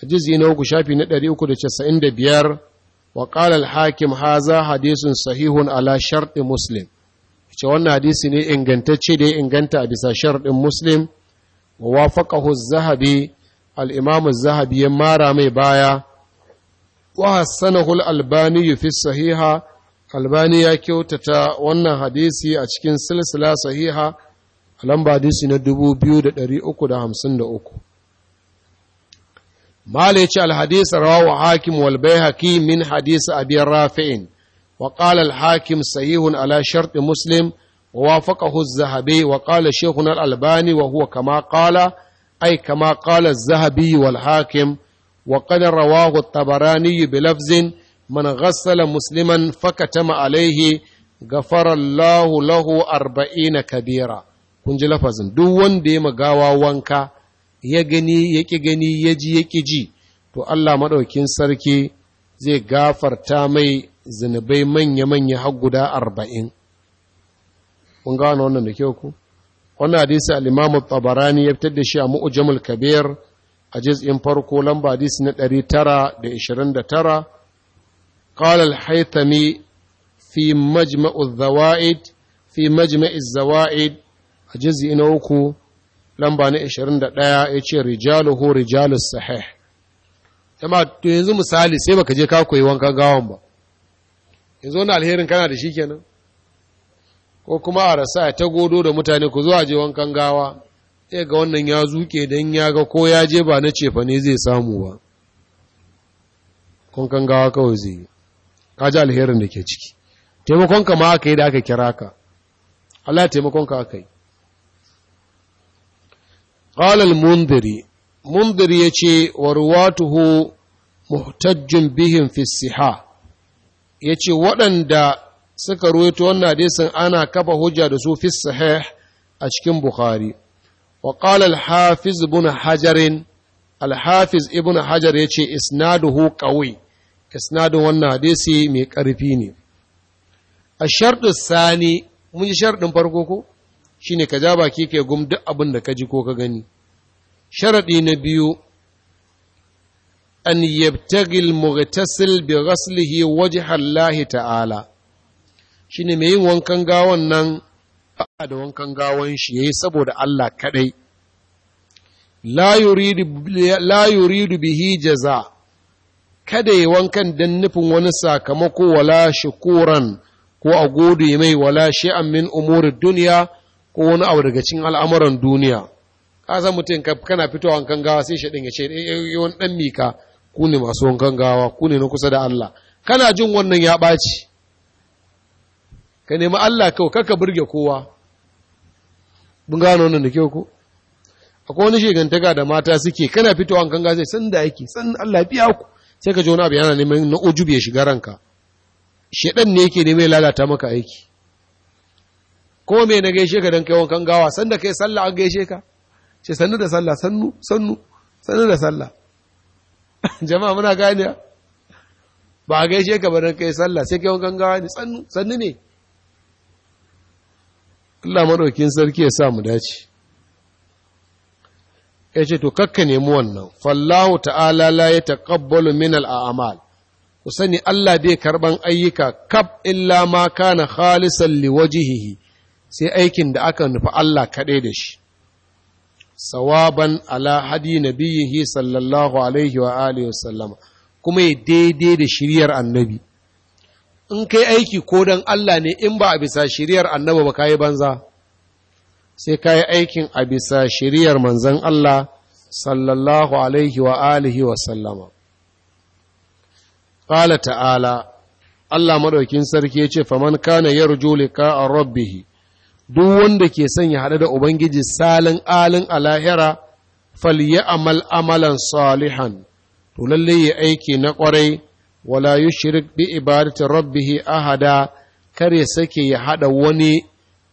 juz'in uku shafi na 395 wa qala al-Hakim haza hadithun sahihun ala shart Muslim ce wannan hadisi ne ingantacce da ya inganta a bisa sharɗin Muslim wa wafaqahu az-zahabi al zahabi ya mara mai baya wa hasanahu al-albani fi sahiha albani ya kyautata wannan hadisi a cikin silsila sahiha a lamba hadisi na 2353 mala yace al-hadis rawahu hakim wal bayhaqi min hadis abi rafi'in wa qala al-hakim sahihun ala shart muslim ووافقه الذهبي وقال شيخنا الألباني وهو كما قال أي كما قال الذهبي والحاكم وقد رواه الطبراني بلفظ من غسل مسلما فكتم عليه غفر الله له أربعين كبيرة kunji lafazin duk wanda ya magawa wanka ya gani ya ki gani ya ji ya ki ji to Allah maɗaukin sarki zai gafarta mai zunubai manya-manya har guda arba'in Kun gano wannan da kyau ku wannan hadisi al-Imam tabarani ya fitar da shi a Mu'jamul Kabir a juz'in farko lamba hadisi na 929 qala al-Haythami fi majma'u adh zawaid fi majma'i adh zawaid a juz'i na uku lamba na 21 yace rijaluhu rijalus sahih jama'a to yanzu misali sai baka je ka koyi wanka gawan ba yanzu wani alherin kana da shi kenan ko kuma a rasa ta godo da mutane ku zo a je wankan gawa sai ga wannan ya zuke don ya ga ko ya je ba na cefa ne zai samu ba wankan gawa kawai zai yi ka ji alherin da ke ciki taimakonka ma aka yi da aka kira ka Allah taimakonka aka yi ƙalal mundiri mundiri ya ce wa ruwatuhu muhtajjun bihin fisiha ya ce waɗanda suka ruwaito wannan hadisin ana kafa hujja da su fi sahih a cikin bukhari wa qala al-hafiz ibn hajar al-hafiz ibn hajar yace isnaduhu qawi isnadin wannan hadisi mai karfi ne a sharɗin sani mun ji sharɗin farko ko shine ka ja baki kai gum duk abin da ka ji ko ka gani sharadi na biyu an yabtagil mughtasil bi ghaslihi wajha Allah ta'ala shi ne mai yin wankan gawan nan ba da wankan gawan shi ya yi saboda Allah kaɗai la yuridu bihi jaza kada yi wankan don nufin wani sakamako wala shukuran ko a gode mai wala shi'an min umurin duniya ko wani abu daga cin al'amuran duniya ka san mutum kana fito wankan gawa sai shaɗin ya ce yawan eh, eh, eh, ɗan mika ku ne masu wankan gawa ku ne na kusa da Allah kana jin wannan ya ɓaci ka nemi Allah kawai kaka burge kowa mun gano wannan da kyau ko akwai wani shigantaka da mata suke kana fitowa an gaza sai san da yake san Allah biya ku sai ka ji wani abu yana neman na ujub ya shiga ranka shedan ne yake neman lalata maka aiki ko me na gaishe ka dan kai wankan gawa san da kai sallah an gaishe ka ce sannu da sallah sannu sannu sannu da sallah (laughs) jama'a muna gane ba a gaishe ka ba dan kai sallah sai kai wankan gawa ne sannu sannu ne Allah maɗaukin sarki ya sa mu dace ya ce to kakka nemi wannan fallahu ta'ala la ya taqabbalu minal al'amal ku sani Allah bai karɓan ayyuka kab illa ma kana khalisan liwajihihi sai aikin da aka nufi Allah kaɗai da shi sawaban ala hadi nabiyihi sallallahu alaihi wa alihi wa kuma ya daidai da shiryar annabi in kai aiki ko don Allah ne in ba a bisa shiriyar annaba ba kayi banza sai kayi aikin a bisa shiriyar manzan Allah sallallahu alaihi wa alihi wa sallama qala ta'ala Allah madaukin sarki yace faman kana yarju a rabbih duk wanda ke son ya hada da ubangiji salin alin alahira amal amalan salihan to lalle ya aiki na kwarai wala shirik bi ibadati rabbihi ahada kar ya sake ya hada wani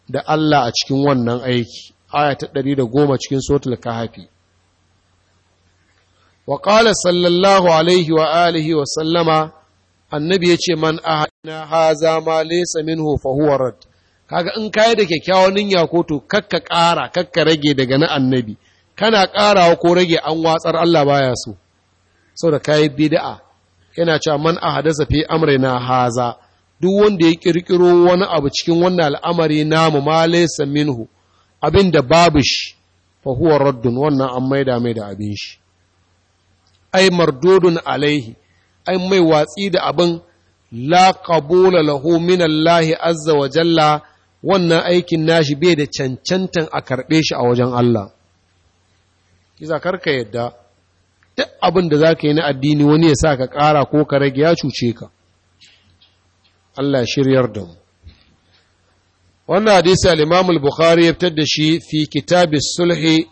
da Allah a cikin wannan aiki aya ta goma cikin suratul kahfi wa qala sallallahu alaihi wa alihi wa sallama annabi yace man ahadina haza ma lesa min fa kaga in kayi da kyakkyawan niyya ko to kakka ƙara kakka rage daga na annabi kana ƙarawa ko rage an watsar Allah baya so saboda kayi bid'a yana cewa man ahadasa fi na haza duk wanda ya kirkiro wani abu cikin wannan al'amari mu ma laysa minhu abin babu shi fa huwa raddun wannan an maida mai da abin shi ai mardudun alaihi ai mai watsi da abin la qabula lahu min azza wa jalla wannan aikin nashi bai da cancantan a karbe shi a wajen Allah kiza karka yadda duk abin da za ka yi na addini wani ya sa ka ƙara ko ka rage ya cuce ka Allah shiryar da mu wannan hadisi al-Imam al-Bukhari ya fitar da shi fi kitabis sulhi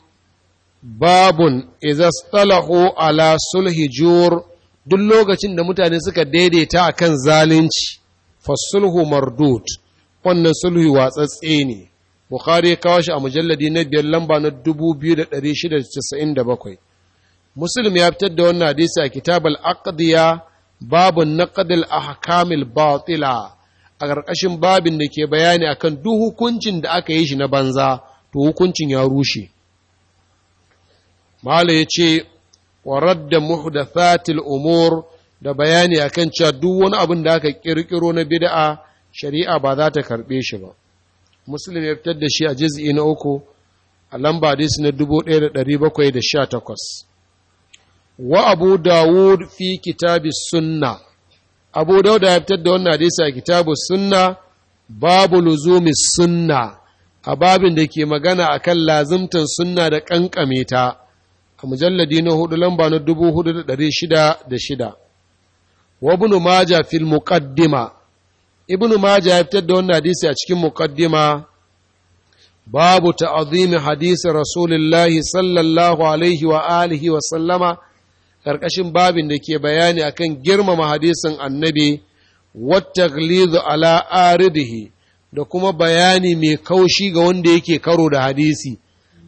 babun idza stalahu ala sulhi jur duk lokacin da mutane suka daidaita akan zalunci fa sulhu mardud wannan sulhi watsatse ne Bukhari ya kawo shi a mujalladi na biyar lamba na 2697 muslim ya fitar da wannan hadisi a kitab al-aqdiya babu naqd al-ahkam al-batila a ƙarƙashin babin da ke bayani akan duk hukuncin da aka yi shi na banza to hukuncin ya rushe Malam ya ce wa radda muhdathatil umur da bayani akan cewa duk wani abin da aka kirkiro na bid'a shari'a ba za ta karbe shi ba muslim ya fitar da shi a juz'i na uku a lamba hadisi na takwas. wa abu dawud fi kitabi sunna abu dawud ya fitar da wannan hadisi a kitabu sunna babu luzumi sunna a babin da ke magana a kan lazimtan sunna da ƙanƙame ta a mujalladi na hudu lamba na dubu hudu da ɗari shida da shida wa ibnu maja fil muqaddima ibnu maja ya fitar da wannan hadisi a cikin muqaddima babu ta'azimi hadisi rasulullahi sallallahu alaihi wa alihi wa sallama Karkashin babin da ke bayani akan girmama hadisin annabi wattaglizu ala aridihi da kuma bayani mai kaushi ga wanda yake karo da hadisi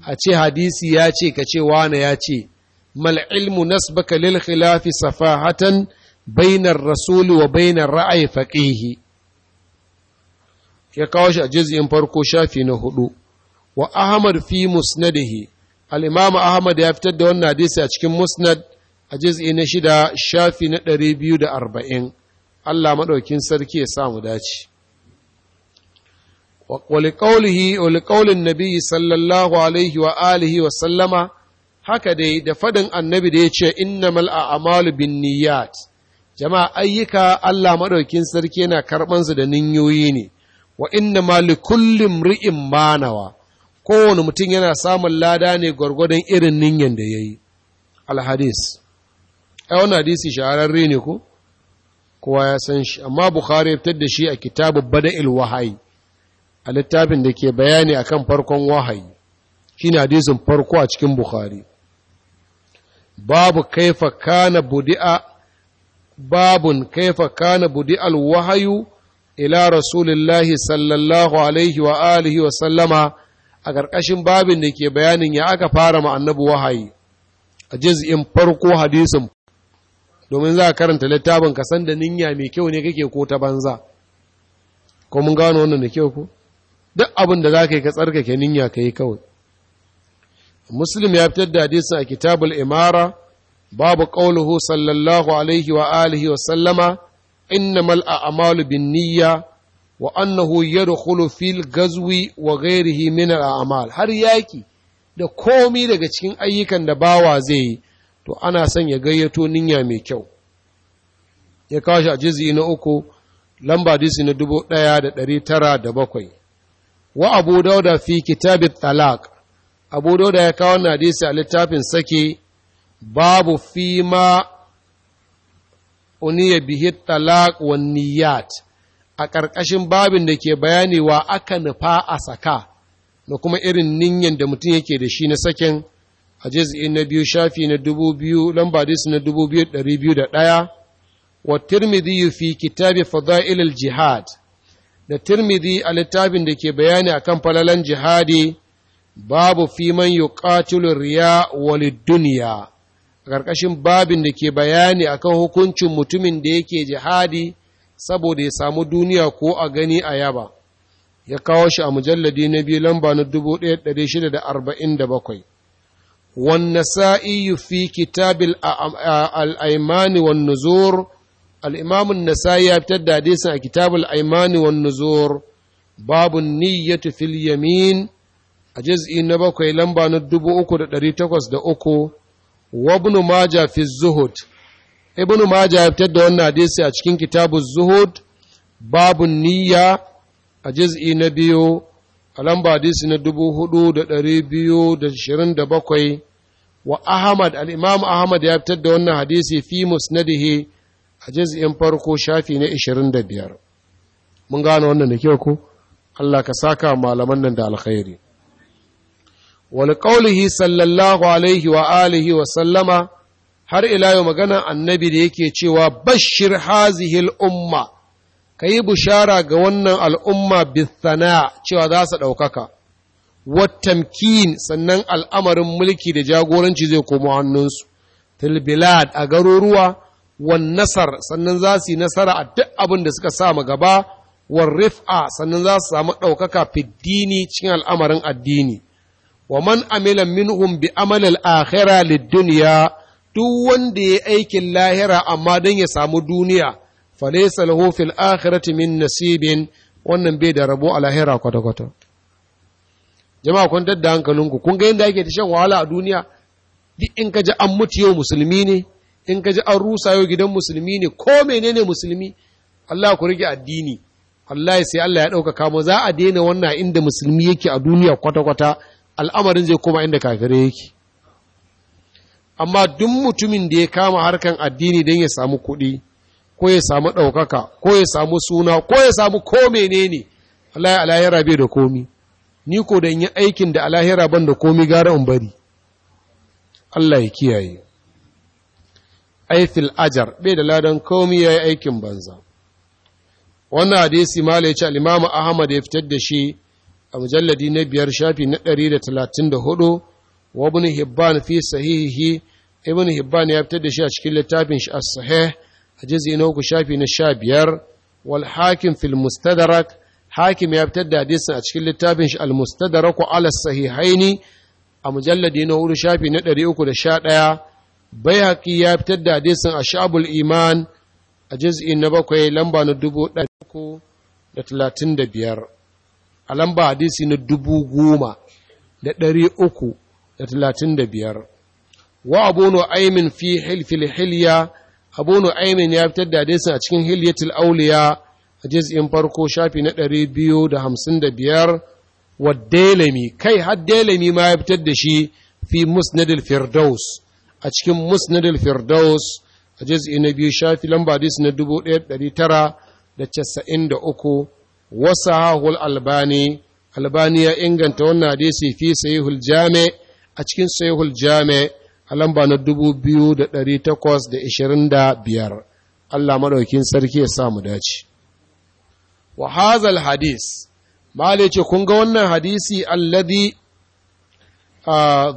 a ce hadisi ya ce ka ce wane ya ce mal ilmu nasbaka lil khilafi safahatan bainar rasuli wa bainar ra'ayi faqihi ya kawo shi a juz'in farko shafi na hudu wa ahmad fi musnadihi al-imam ahmad ya fitar da wannan hadisi a cikin musnad a jiz'i na shida shafi na ɗari biyu da arba'in Allah maɗaukin sarki ya samu dace waliƙaulihi waliƙaulin nabi sallallahu alaihi wa alihi wa sallama haka dai da faɗin annabi da ya ce innamal a'malu bin niyat. jama'a ayyuka Allah maɗaukin sarki yana karɓansu da ninyoyi ne wa inna ma kullum ri'in manawa kowane mutum yana samun lada ne gwargwadon irin ninyan da ya yi alhadis ai wannan hadisi shahararre ne ko kowa ya san shi amma bukhari ya fitar da shi a kitabu bada'il Wahai, a littafin da ke bayani akan farkon wahayi shine hadisin farko a cikin bukhari babu kaifa kana budi'a babun kaifa kana budi'al wahayu ila rasulillahi sallallahu alaihi wa alihi wa sallama a ƙarƙashin babin da ke bayanin ya aka fara ma annabi wahayi a jiz'in farko hadisin domin za a karanta littafin ka san da ninya mai kyau ne kake ko ta banza ko mun gano wannan da kyau ko duk abin da za ka yi ka tsarkake ninya ka yi kawai muslim ya fitar da hadisin a kitabul imara babu qauluhu sallallahu alaihi wa alihi wa sallama innamal a'malu binniyya wa annahu yadkhulu fil gazwi wa ghairihi min al a'mal har yaki da komi daga cikin ayyukan da bawa zai yi to ana son ya gayyato niyya mai kyau ya kawo shi a jizi na uku lamba disi na dubu ɗaya da ɗari tara da bakwai wa abu dauda fi kitabit talak abu dauda ya kawo na disi a littafin sake babu fi ma uniya bihi talak wa niyyat a ƙarƙashin babin da ke bayani wa aka nufa a saka da kuma irin niyyar da mutum yake da shi na sakin a jiz'i na biyu shafi na dubu biyu lamba dis na dubu biyu ɗari biyu da ɗaya wa tirmidhi fi kitabi ilil jihad da tirmidhi a littafin da ke bayani akan falalan jihadi babu fi man yuqatilu riya walid duniya ƙarƙashin babin da ke bayani akan hukuncin mutumin da yake jihadi saboda ya samu duniya ko a gani a yaba ya kawo shi a mujalladi na biyu lamba na 1647 والنسائي في كتاب الأيمان والنزور الإمام النسائي ابتدى حديثا كتاب الأيمان والنزور باب النية في اليمين أجزء نبقى لمبا ندبو أكو دريتكوس دا أكو وابن ماجا في الزهد ابن ماجا ابتدى أن حديثا كتاب الزهد باب النية أجزء نبيو a lamba hadisi na 4,227 wa Ahmad al'imam Ahmad ya fitar da wannan hadisi fi musnadihi a jiz'in farko shafi na 25 mun gane wannan da kyau ku? Allah ka saka malaman nan da alkhairi wani ƙaulihi sallallahu alaihi wa alihi wa sallama har ila yau magana annabi da yake cewa bashir hazihil umma ka yi bushara ga wannan al'umma bisana cewa za su ɗaukaka, watamkin sannan al'amarin mulki da jagoranci zai komo hannunsu, tilbilad a garuruwa, wan nasar sannan za su yi nasara a duk abin da suka sa gaba, wan rif'a sannan za su samu ɗaukaka fiddini cikin al'amarin addini. Wa man amila minhum bi amalil akhira lid duk wanda ya aikin lahira amma don ya samu duniya, falaysa lahu fil akhirati min nasibin wannan bai da rabo a lahira kwata kwata jama'a kun dadda hankalinku kun ga yadda ake ta shan wahala a duniya duk in ka ji an mutu yau musulmi ne in ka ji an rusa yau gidan musulmi ne ko menene musulmi Allah ku rage addini Allah sai Allah ya ɗaukaka kamo za a daina wannan inda musulmi yake a duniya kwata-kwata al'amarin zai koma inda kafirai yake amma duk mutumin da ya kama harkan addini don ya samu kuɗi ko ya samu ɗaukaka ko ya samu suna ko ya samu ko menene Allah alahira bai da komi ni ko da in yi aikin da alahira ban da komi gara in bari Allah ya kiyaye aifil ajar bai da ladan komi ya yi aikin banza wannan hadisi mala ya ce al'imamu ahmad ya fitar da shi a mujalladi na biyar shafi na ɗari da talatin da hudu wa ibn hibban fi sahihi ibn hibban ya fitar da shi a cikin littafin shi as-sahih a jizi na uku shafi na sha biyar wal hakim fil mustadrak hakim ya fitar da hadisin a cikin littafin shi al mustadrak ala sahihaini a mujalladi na hudu shafi na ɗari uku da sha ɗaya bayhaqi ya fitar da hadisin a shabul iman a jizi na bakwai lamba na dubu ɗari da talatin da biyar a lamba hadisi na dubu goma da ɗari uku da talatin da biyar wa abu aimin fi hilfil hilya abu nuaimin ya fitar da hadisin a cikin hilyatul auliya a juz'in farko shafi na 255 wa dailami kai har dalami ma ya fitar da shi fi musnadil firdaus a cikin musnadil firdaus a juz'i na biyu shafi lamba hadisi na 1993 wasahahul albani albani ya inganta wannan hadisi fi sahihul jami a cikin sahihul jami' a lamba na biyar, Allah maɗaukin sarki ya samu dace wa hazal hadis malai ce kun ga wannan hadisi alladhi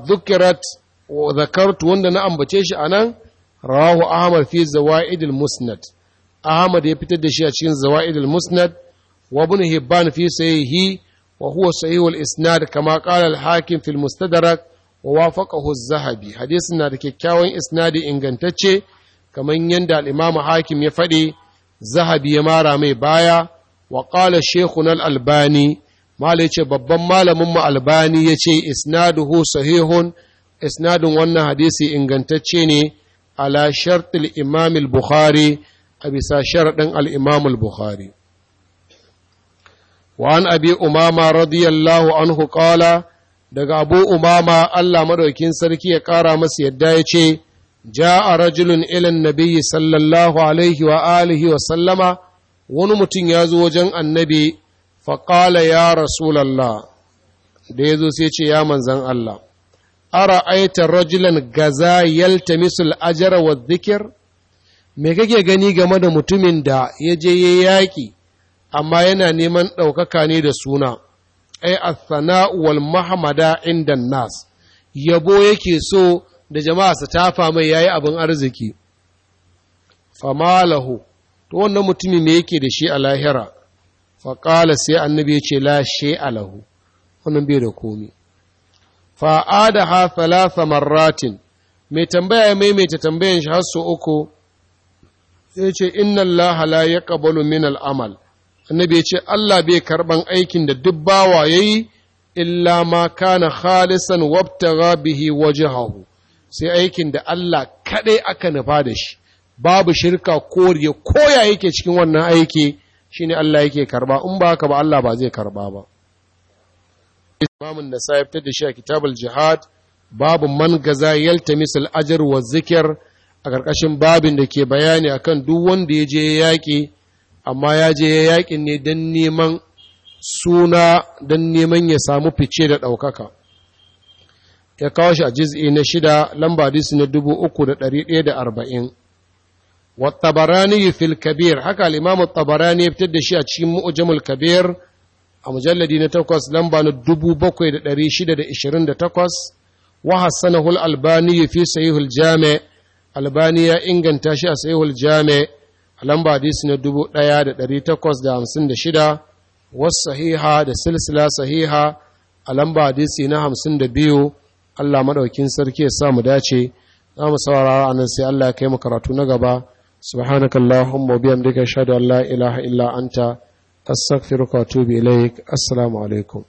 dhukirat wa dhakartu wanda na ambace shi anan rawahu ahmad fi zawaid musnad ahmad ya fitar da shi a cikin zawaid musnad wa ibn hibban fi sahihi wa huwa sahihul al isnad kama qala al hakim fil mustadrak wa wafaqahu az-zahabi hadisin na da kyakkyawan isnadi ingantacce kamar yadda al-imam hakim ya faɗi zahabi ya mara mai baya wa qala al-albani mala ce babban malamin mu albani yace isnaduhu sahihun isnadin wannan hadisi ingantacce ne ala shartil imam al-bukhari a bisa sharadin al-imam al-bukhari Wa an أمامة رضي radiyallahu anhu قال daga abu umama Allah madaukin sarki ya ƙara masa yadda ya ce a rajulun ilan nabiyyi sallallahu alaihi wa alihi wa sallama wani mutum ya zo wajen annabi faƙala ya rasulallah da ya zo sai ce ya manzan Allah ara aita rajulan gaza yalta misul ajara wa zikir me kake gani game da mutumin da ya je ya yaƙi amma yana neman ɗaukaka ne da suna ai as-sana'u wal mahmada inda nas yabo yake so da jama'a su tafa mai yayi abin arziki famalahu to wannan mutumi me yake da shi a lahira faƙala sai annabi ya ce la shay alahu wannan bai da komi fa'ada ha thalatha marratin mai tambaya maimaita tambayan shi har uku sai ce inna allaha la yaqbalu min al-amal annabi ya ce Allah bai karɓan aikin da duk bawa ya yi illa ma kana khalisan wabtagha bihi hagu sai aikin da Allah kaɗai aka nufa da shi babu shirka koriya koya yake cikin wannan aiki shi ne Allah yake karba in ba haka ba Allah ba zai karɓa ba Imam Nasa'i fitar da shi a Kitabul Jihad babu man gaza misal ajar wa zikir a ƙarƙashin babin da ke bayani akan duk wanda ya je yaƙi amma ya je ya yaƙin ne don neman suna don neman ya samu fice da ɗaukaka ya kawo shi a jiz'i na shida lamba hadisi na dubu uku da ɗari ɗaya da arba'in wa tabarani fil kabir haka al'imamu tabarani ya fitar da shi a cikin mu'ujamul kabir a mujalladi na takwas lamba na dubu bakwai da ɗari shida da ishirin da takwas wa hassanahul albani fi sahihul jami albani ya inganta shi a saihul jami' a lamba hadisi na 1856 wasu sahiha da silsila sahiha a lamba hadisi na 52 Allah maɗaukin sarki ya sa mu dace za mu saurara a nan sai Allah ya kai mu karatu na gaba subhanakallahumma wa bihamdika ashhadu an la ilaha illa anta astaghfiruka wa atubu ilaik assalamu alaikum